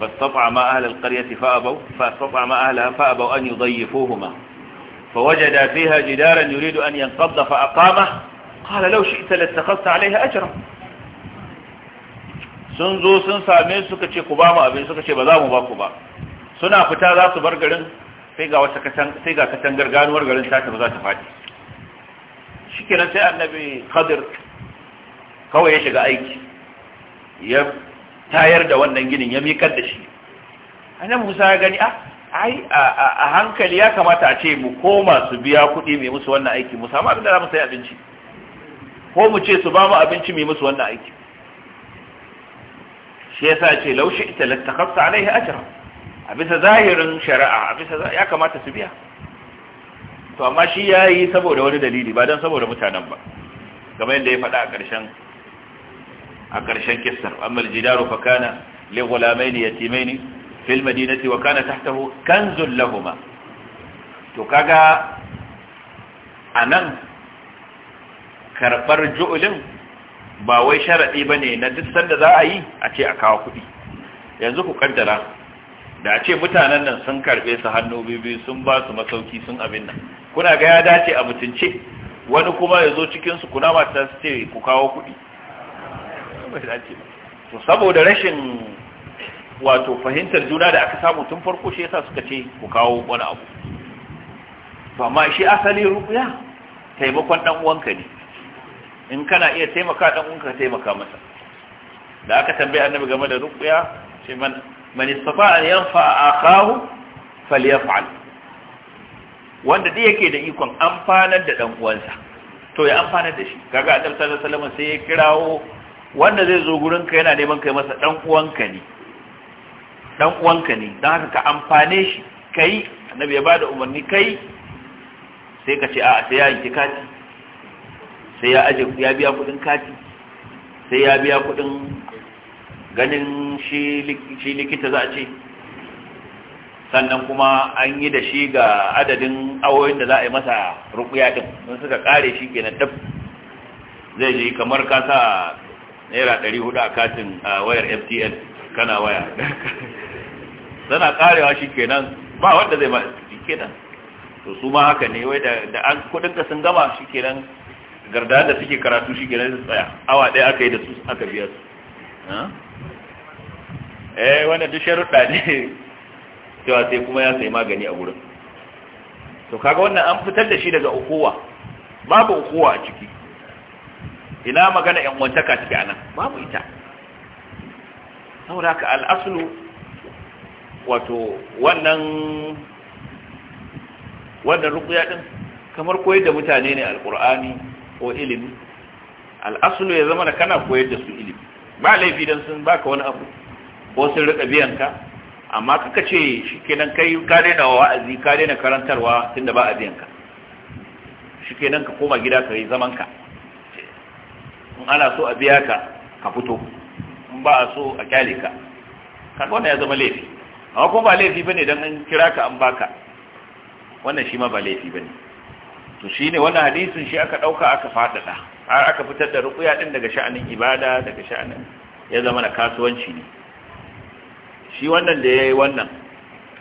فاستطعما أهل القرية فأبوا فاستطعما أهلها فأبوا أن يضيفوهما فوجدا فيها جدارا يريد أن ينقض فأقامه قال لو شئت لاتخذت عليها أجرا sun zo sun same suka ce ku ba abin suka ce ba za ba ku ba suna fita za su bar garin sai ga sai katangar ganuwar garin ta za ta faɗi sai annabi khadir kawai ya shiga aiki tayar da wannan ginin ya mikar da shi annabi Musa ya gani ah ai a hankali ya kamata a ce mu koma su biya kuɗi mai musu wannan aiki musa samu abin da za mu sayi abinci ko mu ce su ba mu abinci mai musu wannan aiki shi yasa ce laushe ita lattakhassa alaihi ajra a bisa zahirin shari'a a bisa ya kamata su biya to amma shi yayi saboda wani dalili ba dan saboda mutanen ba kamar yadda ya faɗa a ƙarshen a ƙarshen kistar amma jidaru fa kana li ghulamaini yatimaini fil madinati wa kana tahtahu kanzun lahumā to kaga anan karbar ju'ulin ba wai sharadi bane na duk sanda za a yi a ce a kawo kuɗi yanzu ku kaddara da a ce mutanen nan sun karbe su hannu bibi, sun ba su masauki sun abin nan kuna ga ya dace a mutunce wani kuma ya zo cikin su kuna mata su ce ku kawo kuɗi ba shi dace ba to saboda rashin wato fahimtar juna da aka samu tun farko shi yasa suka ce ku kawo wani abu to amma shi asali ruqya taimakon dan uwanka ne in kana iya taimaka dan uwanka taimaka masa da aka tambaye annabi game da ruqya ce man man istafa an yanfa akahu falyaf'al wanda duk yake da ikon amfanar da dan uwansa to ya amfanar da shi kaga annabi sallallahu alaihi wasallam sai ya kirawo wanda zai zo ka yana neman kai masa dan uwanka ne dan uwanka ne don haka ka amfane shi kai annabi ya bada umarni kai sai ka ce a sai ya yanki kati sai ya aje ya biya kudin kati sai ya biya kudin ganin shi likita za a ce sannan kuma an yi da shi ga adadin awoyin da za a yi masa rukuya din don suka kare shi kenan dab zai je kamar ka sa naira ɗari hudu a katin a wayar mtn kana waya tana karewa shi kenan ba wanda zai ba shi kenan to su ma haka ne wai da an kudin ka sun gama shi kenan garda da suke karatu shi kenan su tsaya awa ɗaya aka yi da su aka biya su eh wanda dushen ruɗa ne cewa sai kuma ya sayi magani a wurin. to kaga wannan an fitar da shi daga ukuwa babu ukuwa a ciki ina magana yan wantaka a anan babu ita saboda haka al'aslu wato wannan wannan ɗin din kamar koyar da mutane ne alqur'ani ko ilimi al'aslu ya zama da kana koyar da su ilimi ba laifi dan sun baka wani abu ko sun rika biyan ka amma kaka ce shi kenan kai ka daina wa'azi ka daina karantarwa tunda ba a biyan ka kenan ka koma gida ka yi zaman ka in ana so a biya ka ka fito in ba a so a kyale ka kaga wannan ya zama laifi amma kuma ba laifi bane dan an kira ka an baka wannan shi ma ba laifi bane to shine wannan hadisin shi aka dauka aka fadada har aka fitar da ruqya din daga sha'anin ibada daga sha'anin ya zama na kasuwanci ne shi wannan da yayi wannan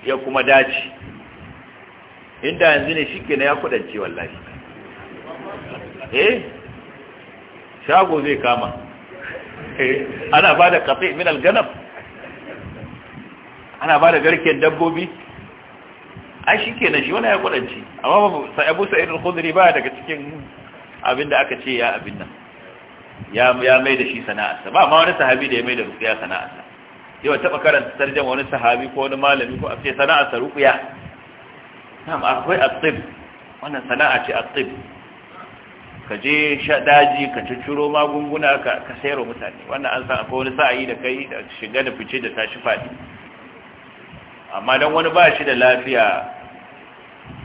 ya kuma dace inda yanzu ne shikenan ya kudance wallahi eh shago zai kama eh, ana ba da kafe min alganab ana ba da garken dabbobi ai shi kenan shi wani ya kwadanci amma abu sa'id al-khudri ba daga cikin abin da aka ce ya abin nan ya mai da shi sana'arsa ba ma wani sahabi da ya mai da rukuya sana'arsa yau taɓa karanta sarjan wani sahabi ko wani malami ko a ce sana'arsa rukuya na'am akwai at-tib wannan sana'a ce at-tib ka je daji ka cicciro magunguna ka sayarwa mutane wannan an san akwai wani sa'ayi da kai da shiga da fice da tashi faɗi amma don wani ba shi da lafiya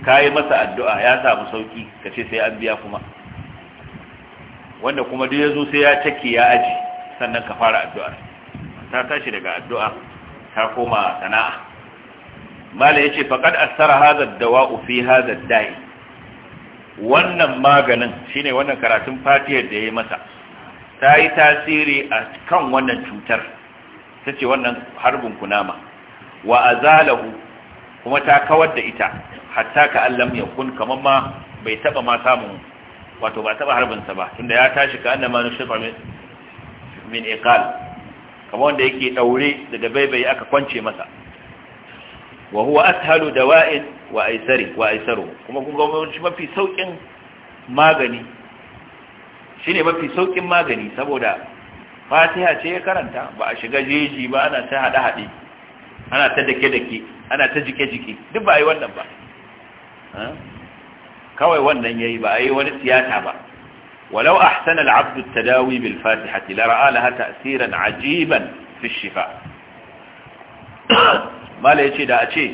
ka yi masa addu'a ya samu sauki ka ce sai an biya kuma wanda kuma duk ya zo sai ya cake ya aji sannan ka fara addu'a ta tashi daga addu'a ta koma sana'a mala ya ce faƙad asara hazar dawa'u fi hazar da'i wannan maganin shine wannan karatun fatiyar da ya yi masa ta yi tasiri a kan wannan cutar ta ce wannan harbin kunama wa azalahu kuma ta kawar da ita hatta ka allam ya kun kamar ma bai taba ma samun wato ba taba harbinsa ba tunda ya tashi ka annama shirfa min iqal kamar wanda yake daure daga baibaye aka kwance masa wa huwa athalu dawa'in wa aisari wa aisaru kuma kun ga shi mafi saukin magani shine mafi saukin magani saboda Fatiha ce ya karanta ba a shiga jeji ba ana ta hada hade ana ta dake dake ana ta jike jike duk ba yi wannan ba kawai wannan yayi ba yi wani tiyata ba walau ahsana al-'abdu at-tadawi bil Fatihati la ra'a laha ta'siran 'ajiban fi shifa mala ya ce da a ce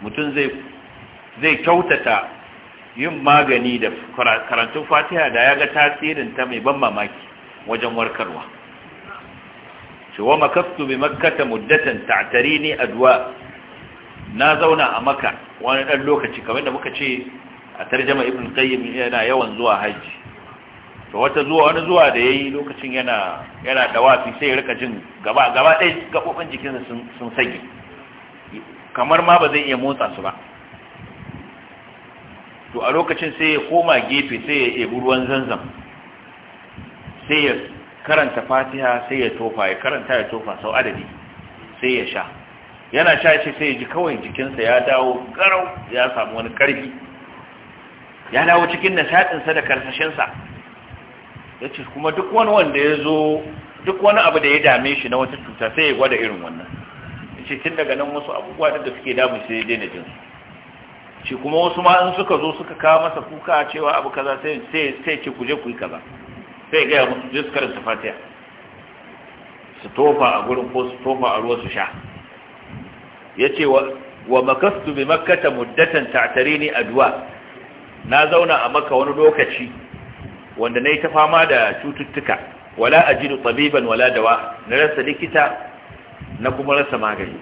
mutum zai kyautata yin magani da karantun fatiha da ya ga tasirin ta mai ban mamaki wajen warkarwa cewa makaftu bi makkata muddatan ta'tari ne duwa na zauna a maka wani ɗan lokaci kamar da muka ce a tarjama ibn qayyim yana yawan zuwa hajji to wata zuwa wani zuwa da yayi lokacin yana yana dawafi sai ya rika jin gaba gaba ɗaya gabobin jikinsa sun sun sage kamar ma ba zai iya motsa su ba to a lokacin sai ya koma gefe sai ya ebi ruwan zanzam sai ya karanta fatiha sai ya tofa ya karanta ya tofa sau adadi sai ya sha yana sha shi sai ya ji kawai jikinsa ya dawo garau ya samu wani karfi ya dawo cikin nishaɗinsa da karsashinsa ya ce kuma duk wani wanda ya zo duk wani abu da ya dame shi na wata cuta sai ya gwada irin wannan ya ce tun daga nan wasu abubuwa da suke damu sai ya daina jin shi kuma wasu ma in suka zo suka kawo masa kuka cewa abu kaza sai sai ce kuje ku yi kaza sai gaya musu je su karanta fatiya su tofa a gurin ko su tofa a ruwa su sha ya ce wa makastu bi makkata muddatan ta'tarini adwa na zauna a maka wani lokaci wanda na yi ta fama da cututtuka wala ajidu tabiban wala dawa na rasa likita na kuma rasa magani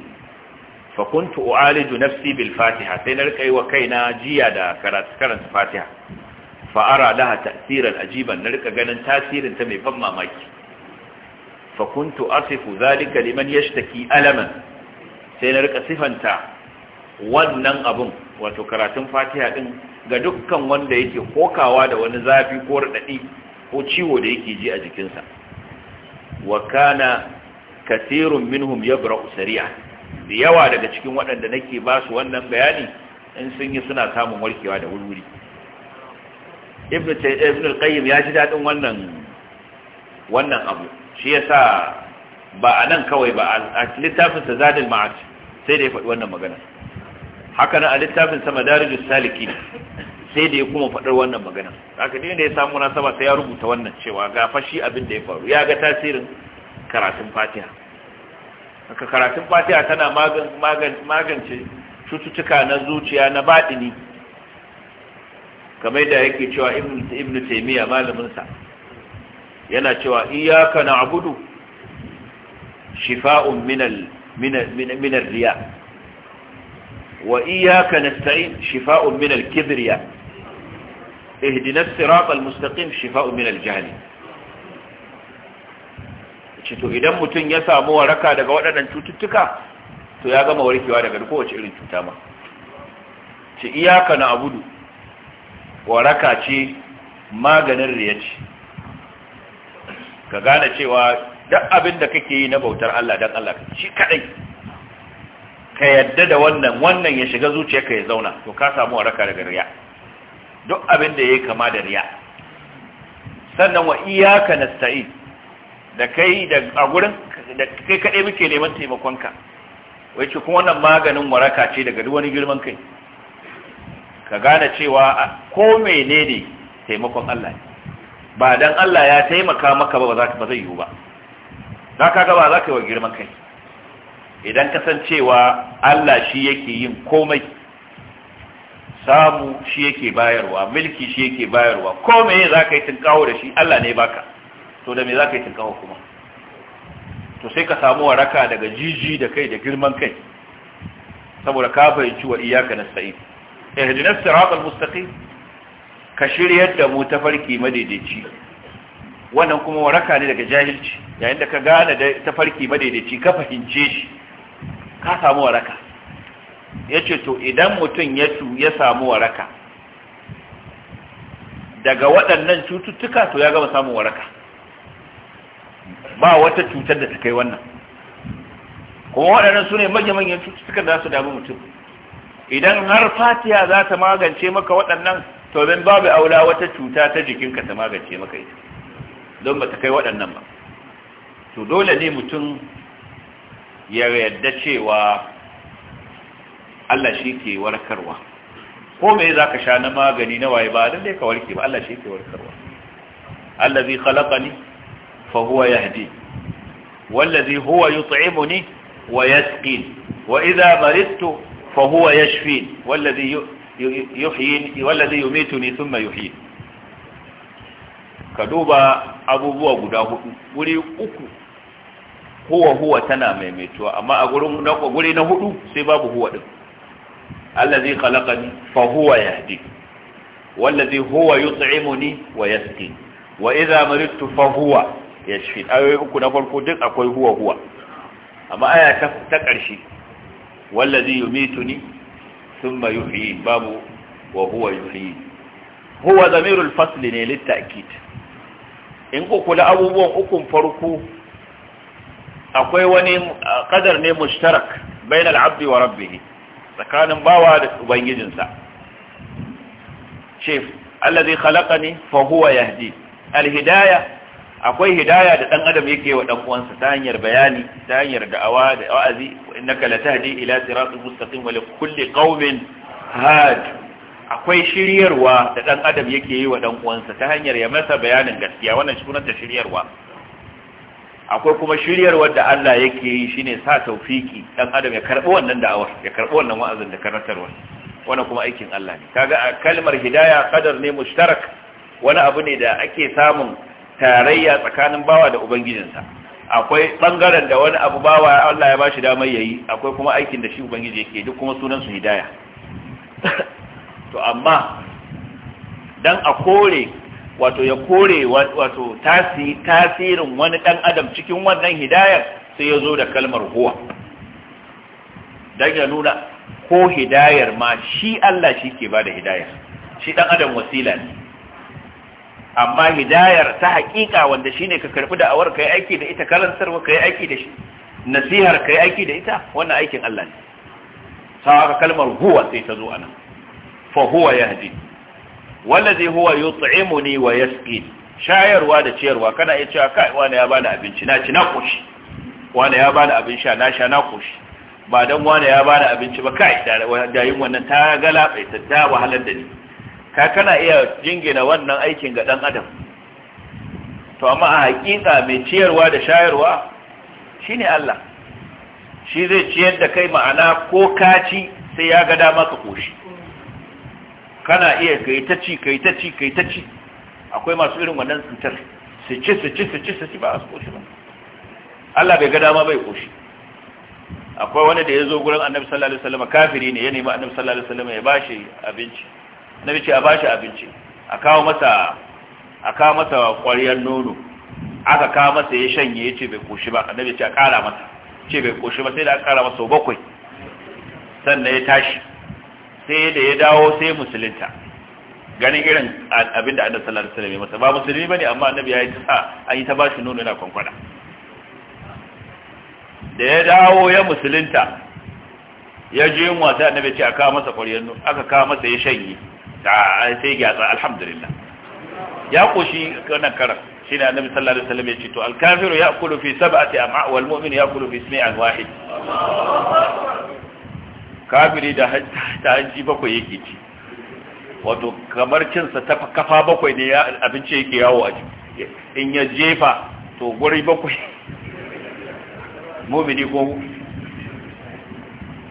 fakuntu kuntu u'aliju nafsi bil fatiha sai na rika yi wa kaina jiya da karanta fatiha fa ara laha ajiban na rika ganin tasirin ta mai ban mamaki fakuntu asifu zalika liman yashtaki alaman sai na rika sifanta wannan abun wato karatun fatiha din ga dukkan wanda yake kokawa da wani zafi ko radadi ko ciwo da yake ji a jikinsa wa kana kaseerun minhum yabra'u sari'a da yawa daga cikin waɗanda nake ba su wannan bayani in sun yi suna samun warkewa da wuri ibn ibn al-qayyim ya ji dadin wannan wannan abu shi yasa ba anan kawai ba a littafin sa zadul ma'ad sai da ya faɗi wannan magana haka nan a littafin sama darijus saliki sai da ya kuma faɗar wannan magana haka ne da ya samu nasaba sai ya rubuta wannan cewa ga fashi abin da ya faru ya ga tasirin karatun fatiha haka karatun fatiha tana magance cututtuka na zuciya na baɗini kamar da yake cewa ibn taimiyya malaminsa yana cewa iyaka na abudu shifa'un minar riya wa iyyaka nasta'in shifa'un min al-kibriya ihdina as-sirata al-mustaqim shifa'un min al-jahl to idan mutum ya samu waraka daga waɗannan cututtuka to ya gama warkewa daga kowace irin cuta ma ce iyaka na abudu waraka ce maganin riya ce ka gane cewa duk abin da kake yi na bautar Allah dan Allah shi kadai ka yadda da wannan wannan ya shiga zuciya ka ya zauna to ka samu waraka daga riya duk abin da ya yi kama da riya sannan wa na nasta'in da kai da a gurin da kai kaɗai muke neman taimakonka. ka wai ce kuma wannan maganin waraka ce daga duk wani girman kai ka gane cewa ko menene taimakon Allah ba dan Allah ya taimaka maka ba ba zai yiwu ba za ka ga ba za ka yi wa girman kai idan kasancewa Allah shi yake yin komai samu shi yake bayarwa milki shi yake bayarwa komai za ka yi tunkawo da shi Allah ne baka to da me za ka yi tunkawo kuma to sai ka samu waraka daga jiji da kai da girman kai saboda ka fahimci wa iyaka na nasta'in ihdinas siratal mustaqim ka shiryar da mu tafarki madaidaici wannan kuma waraka ne daga jahilci yayin da ka gane da tafarki madaidaici ka fahimce shi ka samu waraka ya ce to idan mutum ya samu waraka daga waɗannan cututtuka to ya gama samun waraka ba wata cutar da ta kai wannan kuma waɗannan su ne manya-manyan cututtukan da su damu mutum idan har fatiya za ta magance maka waɗannan to min babu aula wata cuta ta jikinka ta magance maka ita don ba ta kai waɗannan ba to dole ne mutum ya yarda cewa Allah shi ke warkarwa ko me za ka sha na magani na waye ba lalle ka warke ba Allah shi ke warkarwa allazi khalaqani fa huwa yahdi wallazi huwa yut'imuni wa ya yasqin wa idha maridtu fa huwa yashfin wallazi yuhyini wallazi yumituni thumma yuhyini ka duba abubuwa guda hudu wuri uku huwa huwa tana maimaituwa amma a gurin na guri na hudu sai babu huwa din allazi khalaqani fa huwa yahdi wallazi huwa yut'imuni wa yasqi wa idza maridtu fa huwa yashfi ayoyi uku na farko duk akwai huwa huwa amma aya ta ta karshe wallazi yumituni thumma yuhyi babu wa huwa yuhyi huwa zamirul fasl ne litakid in ku kula abubuwan ukun farko akwai wani kadar ne mushtarak bainal abdi wa rabbihi tsakanin bawa da ubangijinsa ce allazi khalaqani fa huwa yahdi alhidaya akwai hidaya da dan adam yake wa dan uwansa ta hanyar bayani ta hanyar da'awa da wa'azi innaka latahdi ila siratal mustaqim wa likulli qaumin had akwai shiryarwa da dan adam yake yi wa dan uwansa ta hanyar ya masa bayanin gaskiya wannan shi ta shiryarwa akwai kuma shiryar wadda Allah yake yi shine sa taufiki dan adam ya karbi wannan da'awar ya karbi wannan wa'azin da karantarwa wannan kuma aikin Allah ne kaga kalmar hidaya qadar ne mushtarak wani abu ne da ake samun tarayya tsakanin bawa da ubangijinsa akwai bangaren da wani abu bawa Allah ya bashi damar yayi akwai kuma aikin da shi ubangiji yake duk kuma sunan su hidaya to amma dan a kore wato ya kore wato tasirin wani ɗan adam cikin wannan hidayar sai ya zo da kalmar huwa dan ya nuna ko hidayar ma shi Allah shi ke ba da hidayar shi ɗan adam wasila ne amma hidayar ta haƙiƙa wanda shi ne ka da awar ka yi aiki da ita karantarwa yi aiki da shi nasihar ka yi aiki da ita wannan aikin Allah ne Sawa ka kalmar huwa sai ta zo a nan, fa huwa ya yahdi wallazi huwa yut'imuni wa yasqin shayarwa da ciyarwa kana iya cewa kai wani ya bani abinci na ci na koshi wani ya bani abin sha na sha na koshi ba dan wani ya bani abinci ba kai da yin wannan ta galabe ta ta wahalar da ni ka kana iya jingina wannan aikin ga dan adam to amma a hakika mai ciyarwa da shayarwa shine Allah shi zai ciyar da kai ma'ana ko kaci sai ya ga dama ka koshi kana iya kai ta ci kai ta ci kai ta ci akwai masu irin wannan cutar su ci su ci su ci su ci ba a koshi ba Allah bai ga dama bai koshi akwai wani da ya zo gurin annabi sallallahu alaihi wasallam kafiri ne ya nemi annabi sallallahu alaihi wasallam ya bashi abinci annabi ce a bashi abinci a kawo masa a kawo masa ƙwaryar nono aka kawo masa ya shanye ya ce bai koshi ba annabi ce a ƙara masa ce bai koshi ba sai da aka ƙara masa bakwai sannan ya tashi sai da ya dawo sai musulunta ganin irin abin da annabi sallallahu alaihi wasallam ya masa ba musulmi bane amma annabi ya yi ta an yi ta bashi nono yana kwankwada da ya dawo ya musulunta ya ji yin wasa annabi ce a kawo masa ƙwariyar nono aka kawo masa ya shanye ta sai gyatsa alhamdulillah ya koshi wannan karar shine annabi sallallahu alaihi wasallam ya ce to al-kafiru ya'kulu fi sab'ati am'a wal mu'minu ya'kulu fi ismi'in wahid kafiri da hajji bakwai yake ci wato kamar cinsa ta kafa bakwai ne abinci yake yawo a in ya jefa to guri bakwai mumini ko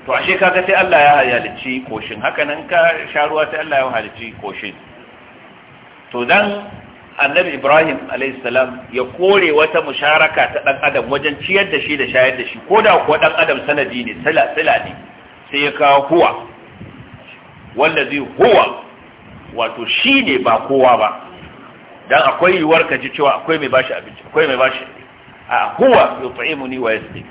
to ashe kaga sai Allah ya halicci koshin haka nan ka sharuwa sai Allah ya halicci koshin to dan annabi Ibrahim alayhi salam ya kore wata musharaka ta dan adam wajen ciyar da shi da shayar da shi koda kuwa dan adam sanadi ne sila sila ne sai ya kawo huwa wallazi huwa wato shi ne ba kowa ba dan akwai yiwuwar ka ji cewa akwai mai bashi abinci akwai mai bashi a huwa yut'imuni wa yasqi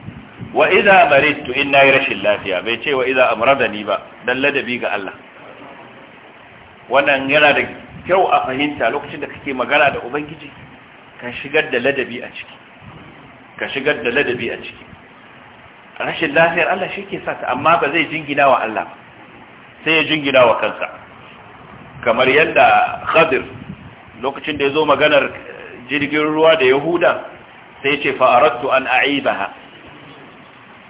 wa idza maridtu inna rashin lafiya bai ce wa idza amradani ba dan ladabi ga Allah wannan yana da kyau a fahimta lokacin da kake magana da ubangiji ka shigar da ladabi a ciki ka shigar da ladabi a ciki rashin lafiyar Allah shi ke sata amma ba zai jingina wa Allah sai ya jingina wa kansa kamar yadda khadir lokacin da ya zo maganar eh, jirgin ruwa da yahuda sai ya ce fa'arattu an a'ibaha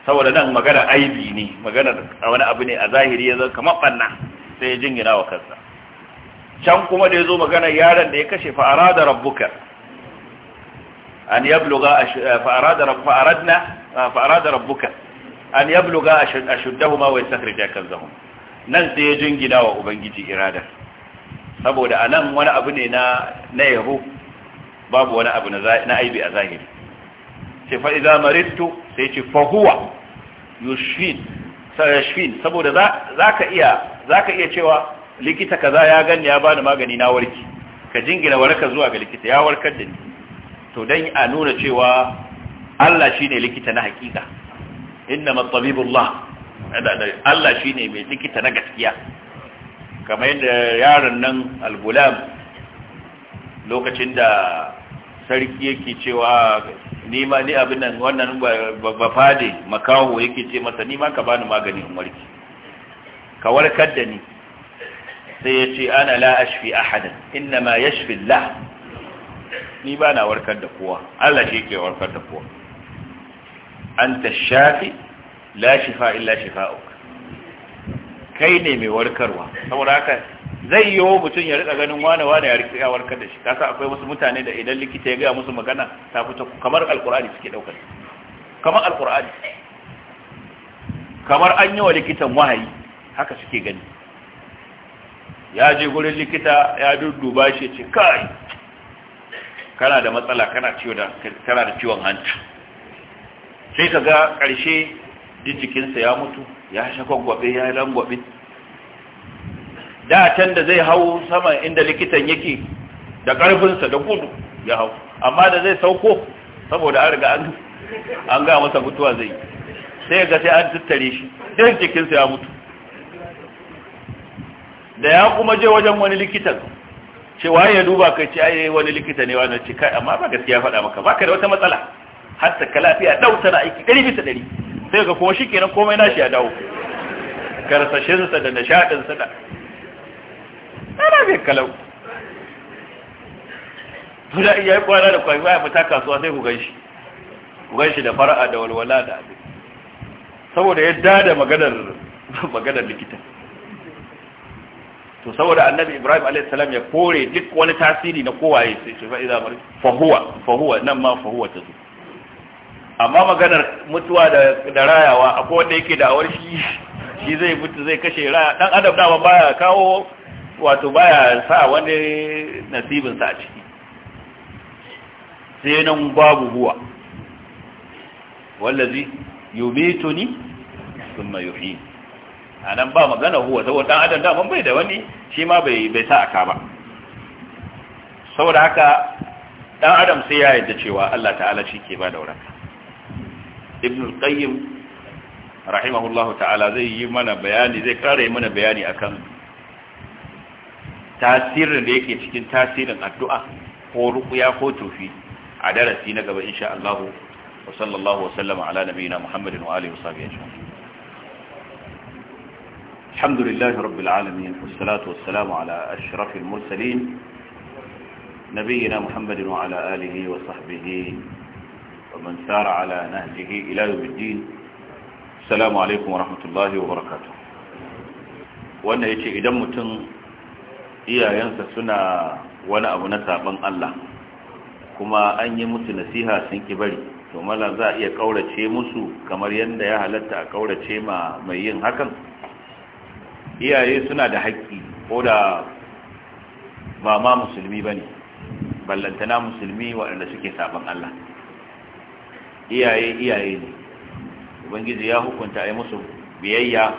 saboda nan maganar aibi ne maganar wani abu ne a zahiri ya zama kamar banna sai ya jingina wa kansa can kuma da ya zo maganar yaron da ya kashe fa'ara da rabbuka an يبلغ فأراد, رب فأردنا فأراد ربك أن يبلغ أشدهما ويستخرج كنزهما nan sai ya jingina wa ubangiji irada saboda anan wani abu ne na na babu wani abu na aibi a zahiri ce fa idza maridtu sai ce fa huwa yushfin saboda zaka iya zaka iya cewa likita kaza ya ganni ya bani magani na warki ka jingina warka zuwa ga likita ya warkar da ni to dan a nuna cewa Allah shine likita na hakika innama tabibullah Allah shine mai likita na gaskiya kamar yadda yaron nan al-gulam lokacin da sarki yake cewa ni ma ni abin nan wannan ba fade makaho yake ce masa ni ma ka bani magani in warki ka warkar da ni sai ya ce ana la ashfi ahadan inna ma yashfi Allah ni ba na warkar da kowa Allah shi ke warkar da kowa anta shafi la shifa illa shifa'uk kai ne mai warkarwa saboda haka zai yi wa mutum ya rika ganin wane wane ya rika warkar da shi kasa akwai wasu mutane da idan likita ya gaya musu magana ta fito kamar alkur'ani suke daukar kamar alkur'ani kamar an yi wa likitan wahayi haka suke gani ya je gurin likita ya dudduba shi ce kai kana da matsala kana ciwo da kana da ciwon hanci sai kaga karshe ƙarshe jikinsa ya mutu ya shakon gwabe ya gobe da can da zai hau sama inda likitan yake da ƙarfinsa da gudu ya hau amma da zai sauko saboda an riga an ga masa mutuwa zai sai ga sai an tattare shi dan jikinsa ya mutu da ya kuma je wajen wani likitan ce waye ya duba kai ce ai wani likita ne wani ce kai amma ba gaskiya faɗa maka baka da wata matsala har ta ka lafiya dau tana aiki ɗari bisa ɗari sai ga kuma shikenan komai nashi ya dawo karsashin sa da nishadin sa da ana bai kalau to da yi kwana da kwai ya fita kasuwa sai ku ganshi ku ganshi da fara'a da walwala da abin saboda ya dada maganar maganar likitan to saboda annabi ibrahim a.s. ya kore duk wani tasiri na kowaye sai ce fa idza fahuwa, fa nan ma fahuwa ta zo amma maganar mutuwa da rayawa a wanda yake da awar shi shi zai mutu zai kashe raya ɗan adam dama ya kawo wato baya sa wani nasibin sa a ciki sai nan babu huwa wallazi yumituni sun yuhyini a nan ba magana huwa saboda dan adam daman bai da wani shi ma bai bai sa aka ba saboda haka dan adam sai ya yarda cewa Allah ta'ala shi ke ba da waraka ibn al-qayyim rahimahullahu ta'ala zai yi mana bayani zai kare mana bayani akan tasirin da yake cikin tasirin addu'a ko ruqya ko tufi a darasi na gaba insha Allah wa sallallahu wa sallama ala nabiyyina Muhammadin wa alihi wa sahbihi ajma'in الحمد لله رب العالمين والصلاة والسلام على أشرف المرسلين نبينا محمد وعلى آله وصحبه ومن سار على نهجه إلى يوم الدين السلام عليكم ورحمة الله وبركاته وانا يتي إذا متن إيا ينسى سنة وانا أبو نسابا الله kuma an yi musu nasiha sun ki bari to mala za a iya kaurace musu kamar yadda ya halatta a kaurace ma mai yin hakan iyaye suna da haƙƙi ko da ba ma musulmi ba ne ballantana musulmi waɗanda suke sabon Allah iyaye iyaye ne ubangiji ya hukunta a yi musu biyayya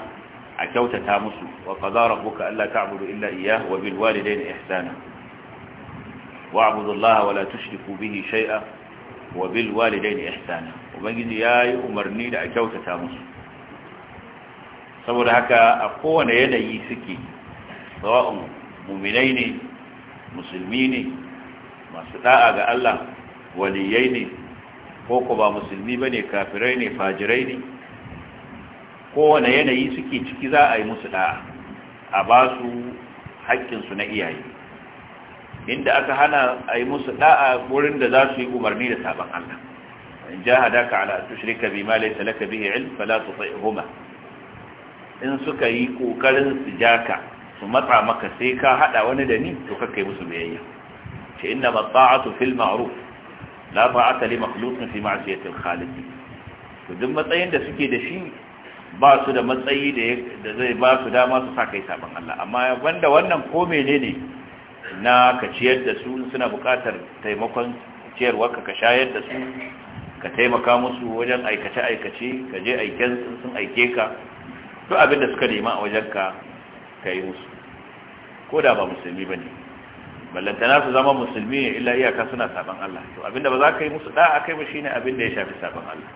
a kyautata musu wa qadara rabbuka alla ta'budu illa iyyah wa bil walidayni ihsana wa'budu allaha wa la tushriku bihi shay'a wa bil na ihsana ubangiji ya yi umarni da a kyautata musu saboda haka a kowane yanayi suke tsawon muminai ne musulmi ne masu da'a ga Allah waliyai ne ko ko ba musulmi ne kafirai ne fajirai ne kowane yanayi suke ciki za a yi musu da'a a ba su haƙƙinsu na iyaye inda aka hana a yi musu da'a wurin da za su yi umarni da sabon Allah in jahadaka ala tushrika bima laysa laka bihi ilm fala tuti'huma in suka yi kokarin su jaka su matsa maka sai ka hada wani da ni to kakai musu biyayya ce inna mata'atu fil ma'ruf la ta'ata li makhluqin fi ma'siyati al-khaliq to duk matsayin da suke da shi ba su da matsayi da zai ba su dama su sa kai saban Allah amma wanda wannan ko menene na ka ciyar da su suna bukatar taimakon ciyarwa ka ka shayar da su ka taimaka musu wajen aikace-aikace ka je aiken sun aike ka duk abin da suka nema a wajenka ka yi musu ko da ba musulmi ba ne ballantana su zama musulmi ne illa iyaka suna saban Allah to da ba za ka yi musu da'a kai ba abin da ya shafi saban Allah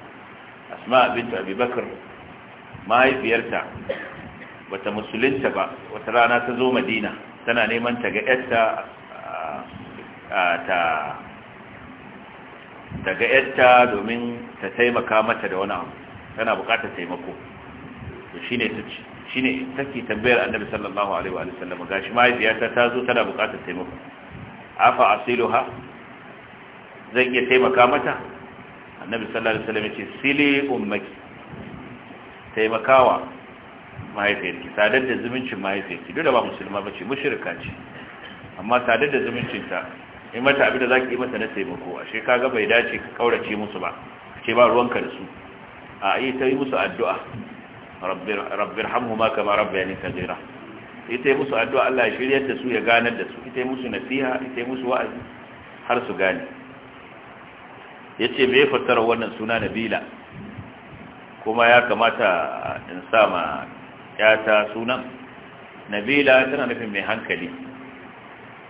asma bintu abi bakr mahaifiyarta bata musulunta ba wata rana ta zo madina tana neman ta ga yarta ta yarta domin ta taimaka mata da wani abu tana bukatar taimako to shine tace shine take tambayar annabi sallallahu alaihi wa sallam gashi mahaifiyata ta zo tana buƙatar taimako afa asiluha zan iya taimaka mata annabi sallallahu alaihi wasallam yace sili ummaki taimakawa mahaifiyarki sadar da zumuncin mahaifiyarki duk da ba musulma bace mushrika ce amma sadar da zumuncin ta in mata abin da zaki yi mata na taimako ashe kaga bai dace ka kaurace musu ba ce ba ruwanka da su a yi ta yi musu addu'a rabbir hamhuma kama rabbayani sagira ita yi musu addu'a Allah ya shiryar da su ya ganar da su ita yi musu nasiha ita yi musu wa'azi har su gane yace me ya fassara wannan suna Nabila kuma ya kamata in sa ma yata sunan Nabila tana nufin mai hankali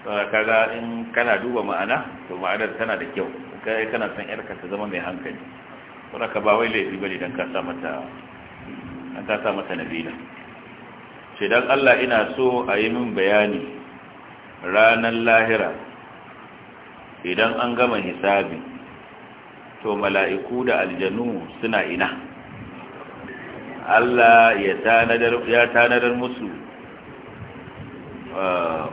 kaga in kana duba ma'ana to ma'anar tana da kyau kai kana son yarka ta zama mai hankali kuma ka ba wai laifi bane dan ka sa mata an ta sa mata nabila ce don Allah ina so a yi min bayani ranar lahira idan an gama hisabi to mala'iku da aljanu suna ina Allah ya tanadar musu eh,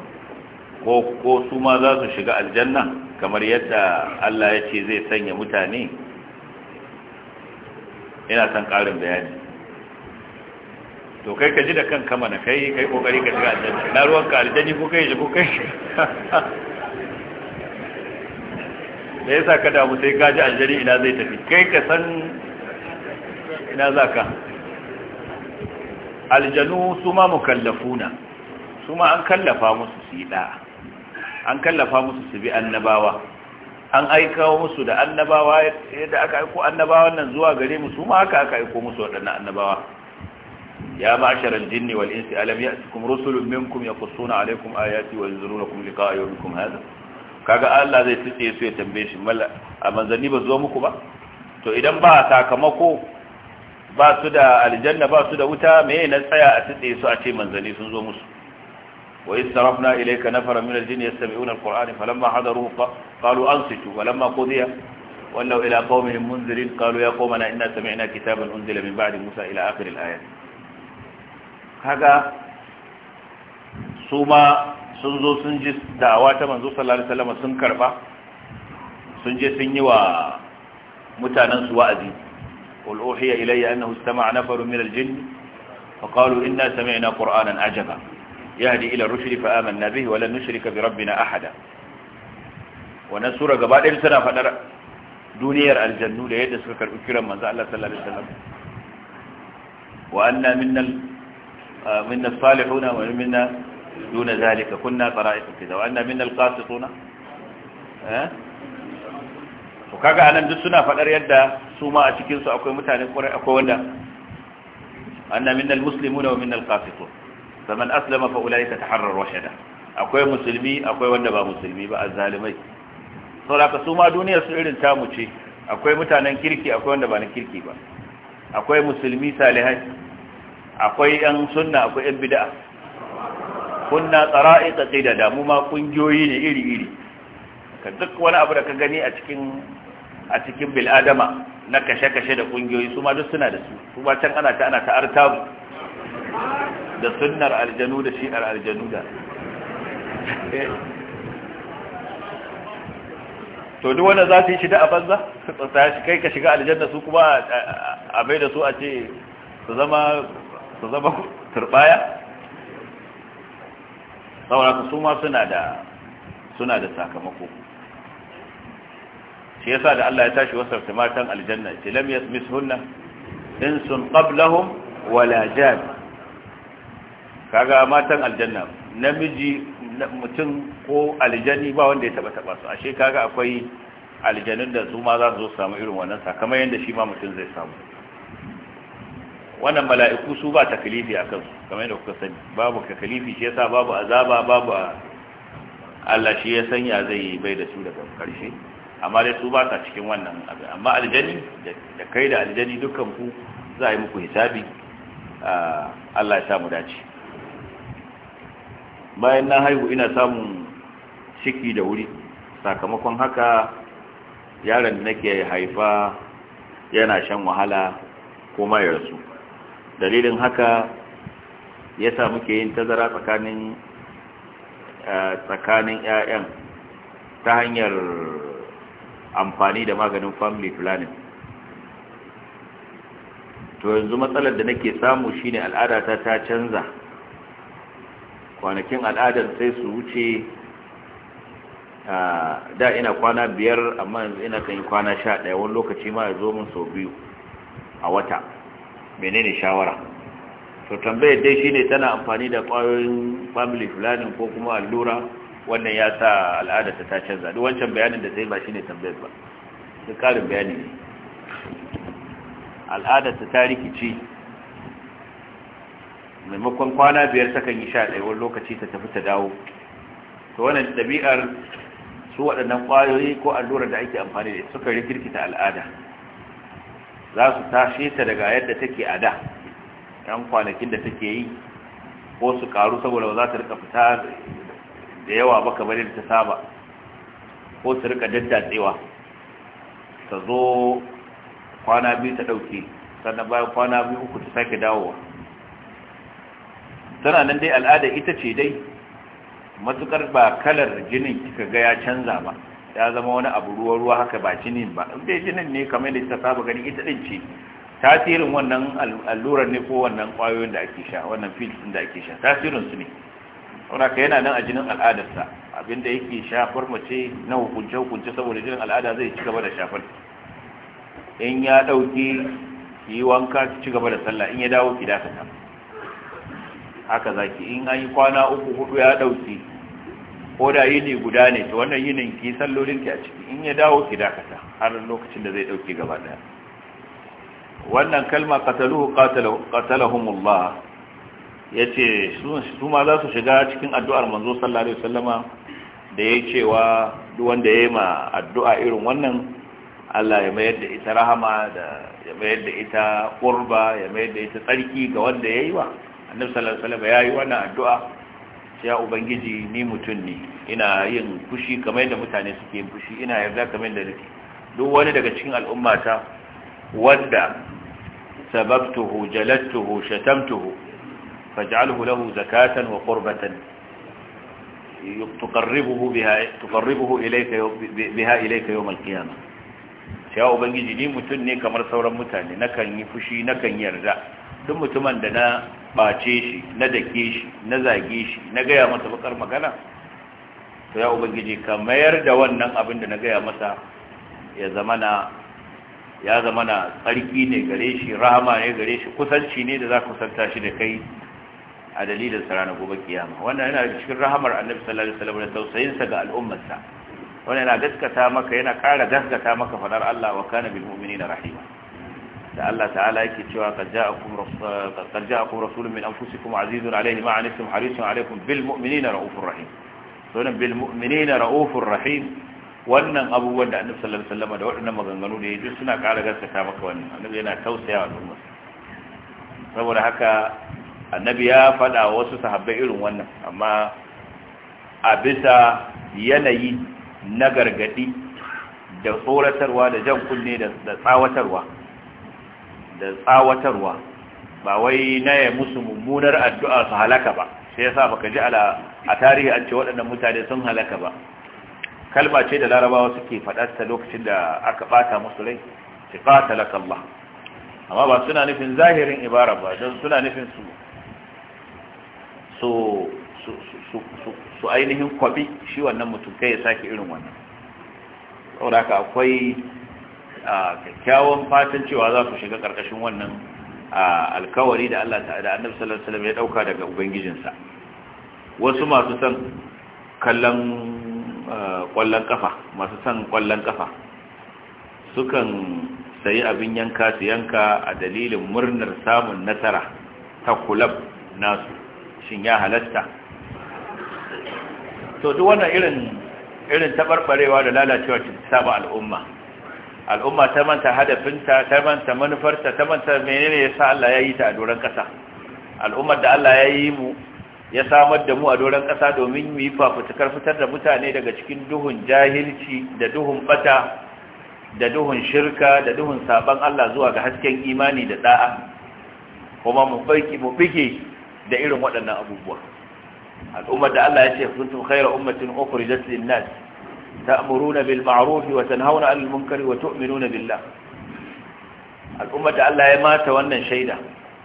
ko su ma za su shiga aljanna kamar yadda Allah ya ce zai sanya mutane ina son karin bayani to kai ka ji da kanka mana kai kai kokari ka shiga aljanna na ruwan ka aljanni ko kai ko kai da yasa ka damu sai ka ji aljanni ina zai tafi kai ka san ina za ka aljanu su ma mukallafuna su ma an kallafa musu su yi da'a an kallafa musu su bi annabawa an aikawo musu da annabawa yadda aka aiko annabawan nan zuwa gare mu su ma haka aka aiko musu waɗannan annabawa يا معشر الجن والإنس ألم يأتكم رسل منكم يقصون عليكم آياتي وينزلونكم لقاء يومكم هذا kaga Allah zai tsiye su ya tambaye shi a manzanni ba zo muku ba to idan ba sakamako ba su da aljanna ba su da wuta me na tsaya a tsiye su a ce manzanni sun zo musu wa israfna ilayka nafara min aljin yastami'una alqur'ana falamma hadaruhu qalu ansitu walamma qudiya wallaw ila qaumihim munzirin qalu ya qaumana unzila min ba'di musa ila akhir alayat kaga su ma sun zo sun ji da'awa ta manzo sallallahu alaihi wasallam sun karba sun je sun yi wa mutanen su wa'azi qul uhiya ilayya annahu istama'a nafarun min al-jinn فقالوا إنا سمعنا قرآنا عجبا يهدي إلى الرشد فآمنا به ولن نشرك بربنا أحدا wannan sura gaba ɗaya tana faɗar duniyar aljannu da yadda suka karbi kiran manzo Allah sallallahu alaihi wasallam wa anna minnal minna salihuna wa minna duna zalika kunna qara'itu kaza wa anna minna alqasituna eh to kaga anan duk suna fadar yadda su ma a cikin su akwai mutane kurai akwai wanda anna minna almuslimuna wa minna alqasitun faman aslama fa ulaika taharrar rashada akwai musulmi akwai wanda ba musulmi ba azzalimai saboda su ma duniyar su irin tamu ce akwai mutanen kirki akwai wanda ba na kirki ba akwai musulmi salihai akwai yan sunna akwai yan bid'a kunna tsara'iqa da damu ma kungiyoyi ne iri iri ka duk wani abu da ka gani a cikin a cikin na kashe-kashe da kungiyoyi su ma duk suna da su su ma can ana ta ana ta artabu da sunnar aljanu da shi'ar aljanu da to duk wanda za su yi shida a banza su kai ka shiga aljanna su kuma a bai da su a ce su zama su zama turbaya saboda su ma suna da suna da sakamako shi yasa da Allah ya tashi wasarta matan aljanna ce lam yasmishunna insun qablahum wala jan kaga matan aljanna namiji mutum ko aljani ba wanda ya taba taba su ashe kaga akwai aljanun da su ma za su zo samu irin wannan sakamakon yanda shi ma mutum zai samu wannan mala'iku su ba takalifi a kansu kamar yadda kuka sani babu takalifi shi yasa babu azaba babu Allah shi ya sanya zai yi bai da su daga karshe amma dai su ba ta cikin wannan abu amma aljani da kai da aljani dukkan ku za a yi muku hisabi Allah ya samu dace bayan na haihu ina samun ciki da wuri sakamakon haka yaron da nake haifa yana shan wahala ko ma ya rasu dalilin haka ya sa muke yin tazara tsakanin eh, tsakanin 'ya'yan ta hanyar amfani da maganin family planning to yanzu matsalar da nake samu shine al'ada ta canza kwanakin al'adar sai su wuce ah, da ina kwana biyar amma yanzu ina kan yi kwana sha ɗaya wani lokaci ma ya zo min sau biyu a wata menene shawara to tambayar dai shine tana amfani da kwayoyin family planning ko kuma allura wannan ya sa al'ada ta canza duk wancan bayanin da sai ba shine tambayar ba duk karin bayani ne al'ada ta ce. rikici maimakon kwana biyar sakan yi sha ɗaya wani lokaci ta tafi ta dawo to wannan ɗabi'ar su waɗannan ƙwayoyi ko allura da ake amfani da suka rikirkita al'ada za su tashe ta daga yadda take a da yan kwanakin da take yi ko su karu saboda ba za ta rika fita da yawa ba kamar yadda ta saba ko su rika daddatsewa ta zo kwana biyu ta ɗauke sannan bayan kwana biyu uku ta sake dawowa tana nan dai al'ada ita ce dai matukar ba kalar jinin kika ga ya canza ba ya zama wani abu ruwa-ruwa haka ba jinin ba in dai jinin ne kamar da ita saba gani ita din ce tasirin wannan allurar ne ko wannan kwayoyin da ake sha wannan pills din da ake sha tasirin su ne saboda ka yana nan a jinin al'adarsa abinda yake shafar mace na hukunce-hukunce saboda jinin al'ada zai ci gaba da shafar in ya ɗauki yi wanka ki ci gaba da sallah in ya dawo ki dakata haka zaki in an yi kwana uku hudu ya ɗauki ko da yini guda ne to wannan yinin ki sallolin ki a ciki in ya dawo ki dakata har lokacin da zai dauke gaba daya wannan kalma qataluhu qatalahumullah yace su ma za su shiga cikin addu'ar manzo sallallahu alaihi wasallama da ya cewa duk wanda yayi ma addu'a irin wannan Allah ya mayar da ita rahama da ya mayar da ita qurba ya mayar da ita tsarki ga wanda yayi wa annabi sallallahu alaihi wasallama yayi wannan addu'a ya ubangiji ni mutum ne ina yin fushi kamar yadda mutane suke yin fushi ina yarda kamar yadda nake duk wani daga cikin al'ummata wanda sababtuhu jalattuhu shatamtuhu faj'alhu lahu zakatan wa qurbatan tuqarribuhu biha tuqarribuhu ilayka biha ilayka yawm al-qiyamah ya ubangiji ni mutum ne kamar sauran mutane nakan yi fushi nakan yarda duk mutumin da na ɓace shi na dake shi na zage shi na gaya masa bakar magana to ya ubangiji ka mayar da wannan abin da na gaya masa ya zamana ya zamana tsarki ne gare shi rahama ne gare shi kusanci ne da za ku santa shi da kai a dalilin sa ranar gobe kiyama wannan yana da cikin rahamar annabi sallallahu alaihi wasallam da tausayin ga al'ummarsa wannan yana gaskata maka yana ƙara gaskata maka fadar Allah wa kana bil mu'minina rahima da Allah ta'ala yake cewa qad kuma rasulun min anfusikum azizun alayhi ma anittum harisun alaykum bil mu'minina raufur rahim to nan bil mu'minina raufur rahim wannan abubuwan da annabi sallallahu alaihi da waɗannan maganganu da ya yaji suna ƙara gaskata maka wannan annabi yana tausayawa al'umma saboda haka annabi ya faɗa wasu sahabbai irin wannan amma a bisa yanayi na gargadi da tsoratarwa da jan kunne da tsawatarwa da tsawatarwa ba wai na ya musu mummunar addu'a su halaka ba sai yasa baka ji ala a tarihi an ce waɗannan mutane sun halaka ba kalma ce da larabawa suke faɗarta lokacin da aka ɓata musu rai ci ɓata lakalla amma ba suna nufin zahirin ibara ba don suna nufin su su su ainihin kwabi shi wannan mutum kai ya sake irin wannan saboda haka akwai kyakkyawan fatan cewa za ku shiga ƙarƙashin wannan alkawari da Allah da annabi sallallahu alaihi wasallam ya dauka daga ubangijinsa wasu masu son kallon kwallon kafa masu san kwallon kafa sukan sayi abin yanka su yanka a dalilin murnar samun nasara ta kulab nasu shin ya halatta to duk wannan irin irin tabarbarewa da lalacewa ta saba al'umma al'umma ta manta hadafinta ta manta manufarta ta manta menene yasa Allah ya yi ta a doron kasa al'ummar da Allah ya yi mu ya samar da mu a doron kasa domin mu yi fafutukar fitar da mutane daga cikin duhun jahilci da duhun bata da duhun shirka da duhun saban Allah zuwa ga hasken imani da da'a kuma mu fike mu da irin waɗannan abubuwa al'ummar da Allah ya ce kuntum khayra ummatin ukhrijat lin-nas Ta bil ma'ruf wa tanhauna 'anil munkari wa tu'minuna billah al'umma da Allah ya mata wannan shaida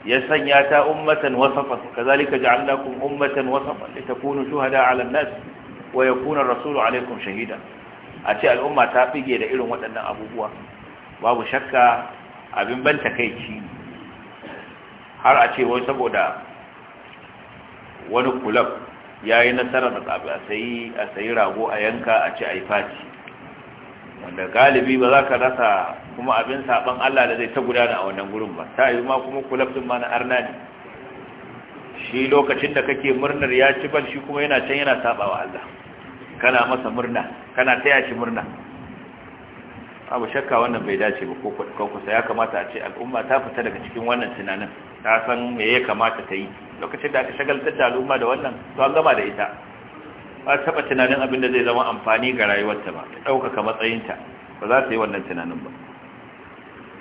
ya sanya ta ummatan wasafan kazalika ja'alnakum ummatan wasafan litakunu shuhada 'ala an-nas wa yakuna ar-rasulu 'alaykum shahida a ce al'umma ta bige da irin waɗannan abubuwa babu shakka abin ban takeici har a ce wai saboda wani kulab ya yi nasarar a sayi rago a yanka a ci a yi faci wanda galibi ba za ka rasa kuma abin saban Allah da zai ta gudana a wannan gurin ba ta yi ma kuma kulabdin ma na arna ne shi lokacin da kake murnar ya ci bal shi kuma yana can yana saba wa Allah kana masa murna kana taya shi murna abu shakka wannan bai dace ba ko kusa ya kamata a ce al'umma ta fita daga cikin wannan tunanin ta san me ya kamata ta yi lokacin da aka shagaltar da al'umma da wannan to an gama da ita ba taɓa tunanin abin da zai zama amfani ga rayuwarta ba ta ɗaukaka matsayinta ba za ta yi wannan tunanin ba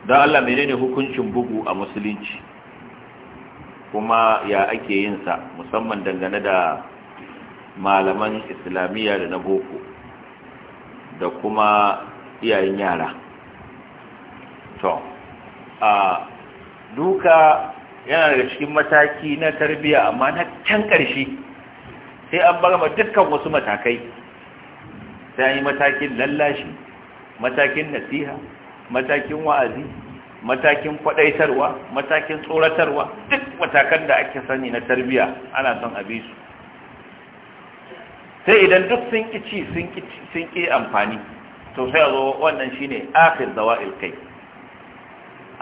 don Allah ne hukuncin bugu a musulunci kuma ya ake yin sa musamman dangane da malaman islamiyya da na boko da kuma iyayen yara to a duka yana da cikin mataki na tarbiyya amma na can ƙarshe sai an bar ma dukkan wasu matakai sai an yi matakin lallashi matakin nasiha matakin wa'azi matakin kwadaitarwa matakin tsoratarwa duk matakan da ake sani na tarbiyya ana son a bi su sai idan duk sun ƙi ci sun ƙi amfani to sai a zo wannan shine akhir zawa'il kai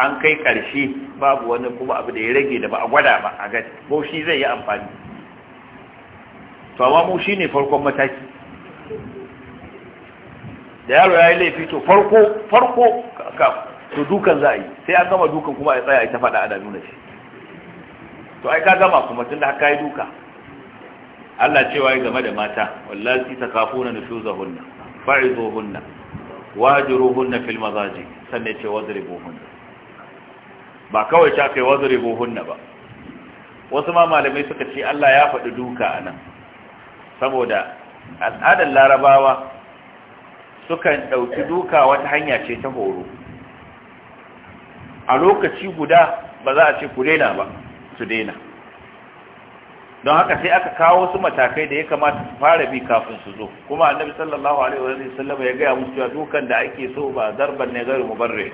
an kai ƙarshe babu wani kuma abu da ya rage da ba a gwada ba a gaji ko shi zai yi amfani to amma mu shine farkon mataki da yaro ya yi laifi to farko farko to dukan za a yi sai an gama dukan kuma a tsaya ita faɗa ana nuna shi to ai ka gama kuma tun da haka yi duka Allah cewa yi game da mata wallahi ta kafuna nusuzahunna fa'izuhunna wajruhunna fil mazaji sanne ce wazribuhunna ba kawai ta kai wazuri buhunna ba wasu ma malamai suka ce Allah ya faɗi duka anan, nan saboda al'adar larabawa sukan ɗauki duka wata hanya ce ta horo a lokaci guda ba za a ce ku daina ba su daina don haka sai aka kawo su matakai da ya kamata su fara bi kafin su zo kuma annabi sallallahu alaihi wa sallam ya gaya musu cewa dukan da ake so ba zarban ne gairu mubarre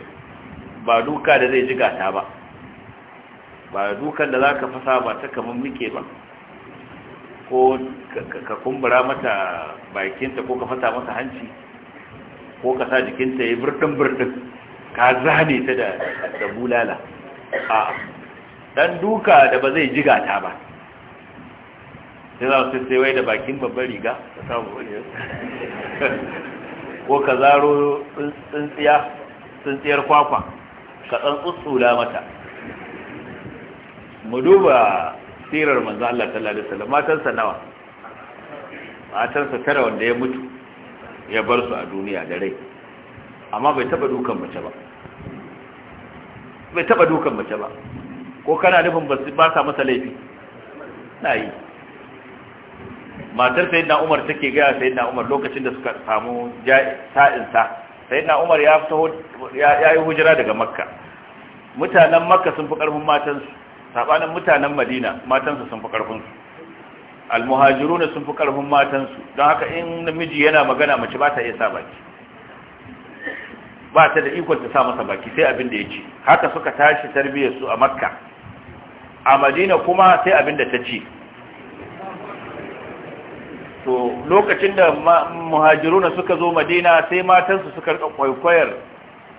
ba duka da zai jiga ta ba ba dukan da za ka fasa ba ta kamar muke ba ko ka kumbura mata bakinta ko ka fasa mata hanci ko ka sa jikinta ya birtin-birtin ka zane ta da bulala a dan duka da ba zai jiga ta ba sai za su sai wai da bakin babbar riga ka samu wani ko ka zaro tsintsiyar kwakwa ka tsantsutsula mata mu duba sirar manzo Allah sallallahu alaihi wasallam matansa nawa matansa tara wanda ya mutu ya bar su a duniya da rai amma bai taba dukan mace ba bai taba dukan mace ba ko kana nufin ba sa masa laifi na yi matar sayyidina Umar take ga sayyidina Umar lokacin da suka samu sa'insa na umar ya fito ya yi hujira daga makka mutanen makka sun fi karfin matansu sabanin mutanen madina matansu sun fi karfin su ne sun fi karfin matansu don haka in namiji yana magana mace ba ta iya sa baki ba ta da ikon ta sa masa baki sai abin da ya ce haka suka tashi tarbiyyar su a makka a madina kuma sai abin da ta ce to lokacin da muhajiruna suka zo madina sai matansu suka rika kwaikwayar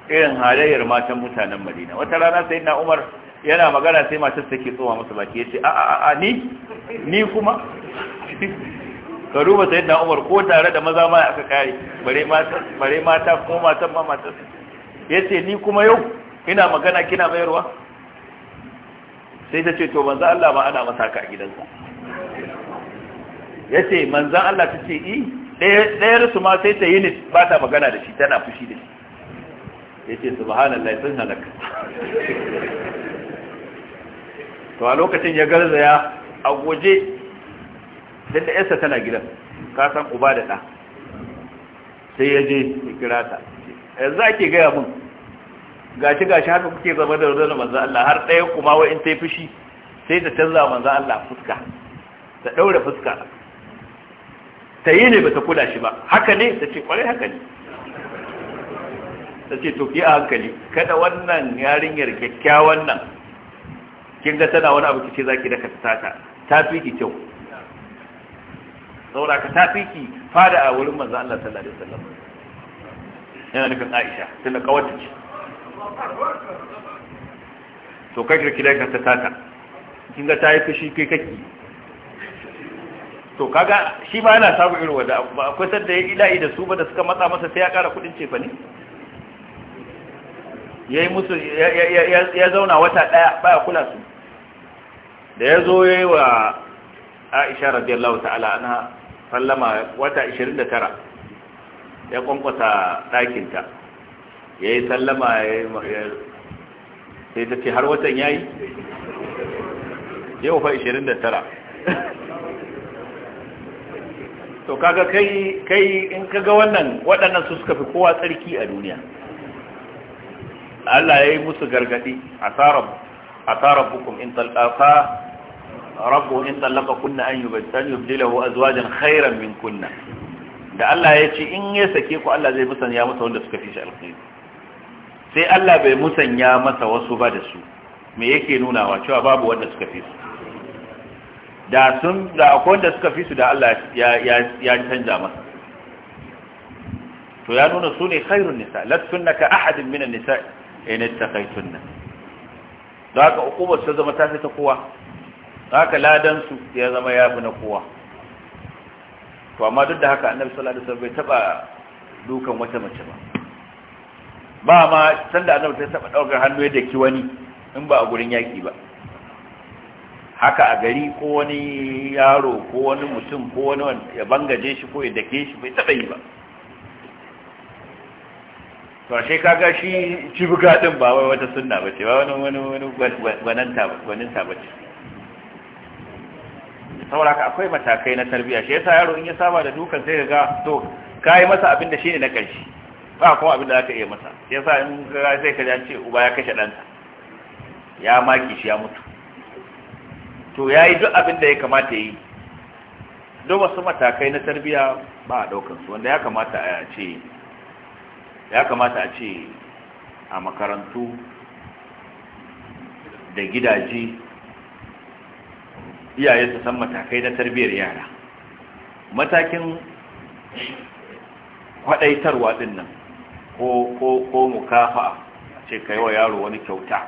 irin halayyar matan mutanen madina wata rana sai na umar yana magana sai su ke tsoma masu baki Ya a a a ni ni kuma ka duba sai na umar ko tare da maza ma aka kare bare mata bare mata ko matan ma ya ce ni kuma yau ina magana kina mayarwa sai ta ce to banza Allah ba ana masa ka a gidansa Ya ce, manzan Allah ce yi ɗayar su ma sai ta yi ne ba ta magana da shi tana fushi da shi Ya ce, su bahanan sun halakka to a lokacin ya garzaya a goje don da yasa tana gidan kasan uba da ɗa sai ya je ya kira ta yanzu ake gaya mun gashi gashi haka kuke zama da rudar manzan Allah har ɗaya kuma wa'in ta yi fushi sai ta canza manzan Allah fuska ta ɗaure fuska ta yi ne bata kula shi ba haka ne ta ce kwarai haka ne ta ce to ki a hankali kada wannan yarinyar kyakkyawan nan kin ga tana wani abu kice zaki daka ta tata ta fi ki kyau saboda ka ta fi ki fada a wurin manzo Allah sallallahu alaihi wasallam yana nufin Aisha tunda kawarta ce to kai ki daka ta tata kin ga ta yi fushi kai kake to kaga shi ba yana sabu irin wanda ba akwai sanda ya ila'i da su ba da suka matsa masa sai ya kara kudin cefa ne ya yi musu ya zauna wata daya baya kula su da ya zo ya yi wa aisha radiyallahu ta'ala ana sallama wata 29 ya kwankwata ɗakinta ya yi sallama ya sai ta ce har watan ya yi yau fa 29 to kaga kai kai in kaga wannan waɗannan su suka fi kowa tsarki a duniya Allah ya yi musu gargadi asarab asarabukum in talaqa rabbu in talaqa kunna an yubtan yubdilahu azwajan khairan min kunna da Allah ya ce in ya sake ku Allah zai musanya masa wanda suka fi shi alkhairi sai Allah bai musanya masa wasu ba da su me yake nunawa cewa babu wanda suka fi su da sun da akwai wanda suka fi su da Allah ya canja masa to ya nuna su ne khairun nisa lattunna ka ahadin minan nisa in ittaqaytunna da haka ukubar ta zama ta sai ta kowa da haka ladan su ya zama ya fi na kowa to amma duk da haka annabi sallallahu alaihi wasallam bai taba dukan wata mace ba ba ma sanda annabi ta taba daukar hannu ya daki wani in ba a gurin yaki ba haka a gari ko wani yaro ko wani mutum ko wani ya bangaje shi ko ya dake shi bai taɓa yi ba to kaga shi cibuga din ba wai wata sunna ba ce ba wani wani wani gwananta ba ce saboda haka akwai matakai na tarbiyya shi yasa yaro in ya saba da dukan sai ga to yi masa abin da shi ne na ƙarshe ba kuma abin da aka iya masa yasa in ga zai ka an ce uba ya kashe ɗanta ya maki shi ya mutu to ya yi duk abin da ya kamata yi duk wasu matakai na tarbiya ba a ɗaukansu wanda ya kamata a ce ya kamata a ce a makarantu da gidaje iyaye su san matakai na tarbiyyar yara matakin kwadaitarwa din nan ko ko ko mukafa ce kai wa yaro wani kyauta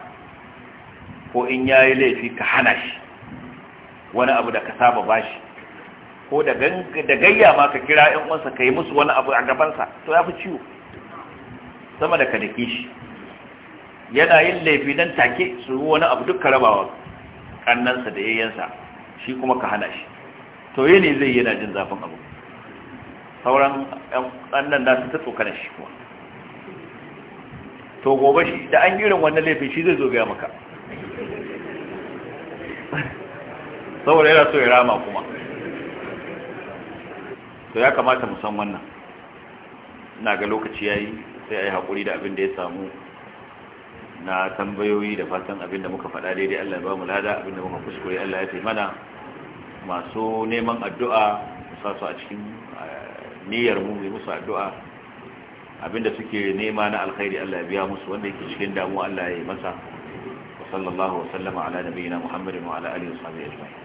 ko in yayi laifi ka hana shi wani abu da ka saba bashi ko da gayya ma ka kira ‘yan uwansa ka yi musu wani abu a gabansa to ya fi ciwo sama da ka dake shi yana yin laifi nan take su wani abu duk rabawa ƙannansa da yayyansa shi kuma ka hana shi to yi ne zai yana jin zafin abu sauran ‘yan ƙannan nasu ta tsokanar shi kuma to gobe shi da an irin wannan laifin shi zai zo gaya maka saboda yana so ya rama kuma to ya kamata mu san wannan ina ga lokaci yayi sai yi hakuri da abin da ya samu na tambayoyi da fatan abin da muka faɗa daidai Allah ya ba mu lada abin da muka kuskure Allah ya fi mana masu neman addu'a sa su a cikin eh, niyyar mu mai musu addu'a Abin da suke nema na alkhairi Allah ya biya musu wanda yake cikin damuwa Allah ya yi masa wa sallallahu wa sallama ala nabiyyina Muhammadin wa ala alihi wa sahbihi ajma'in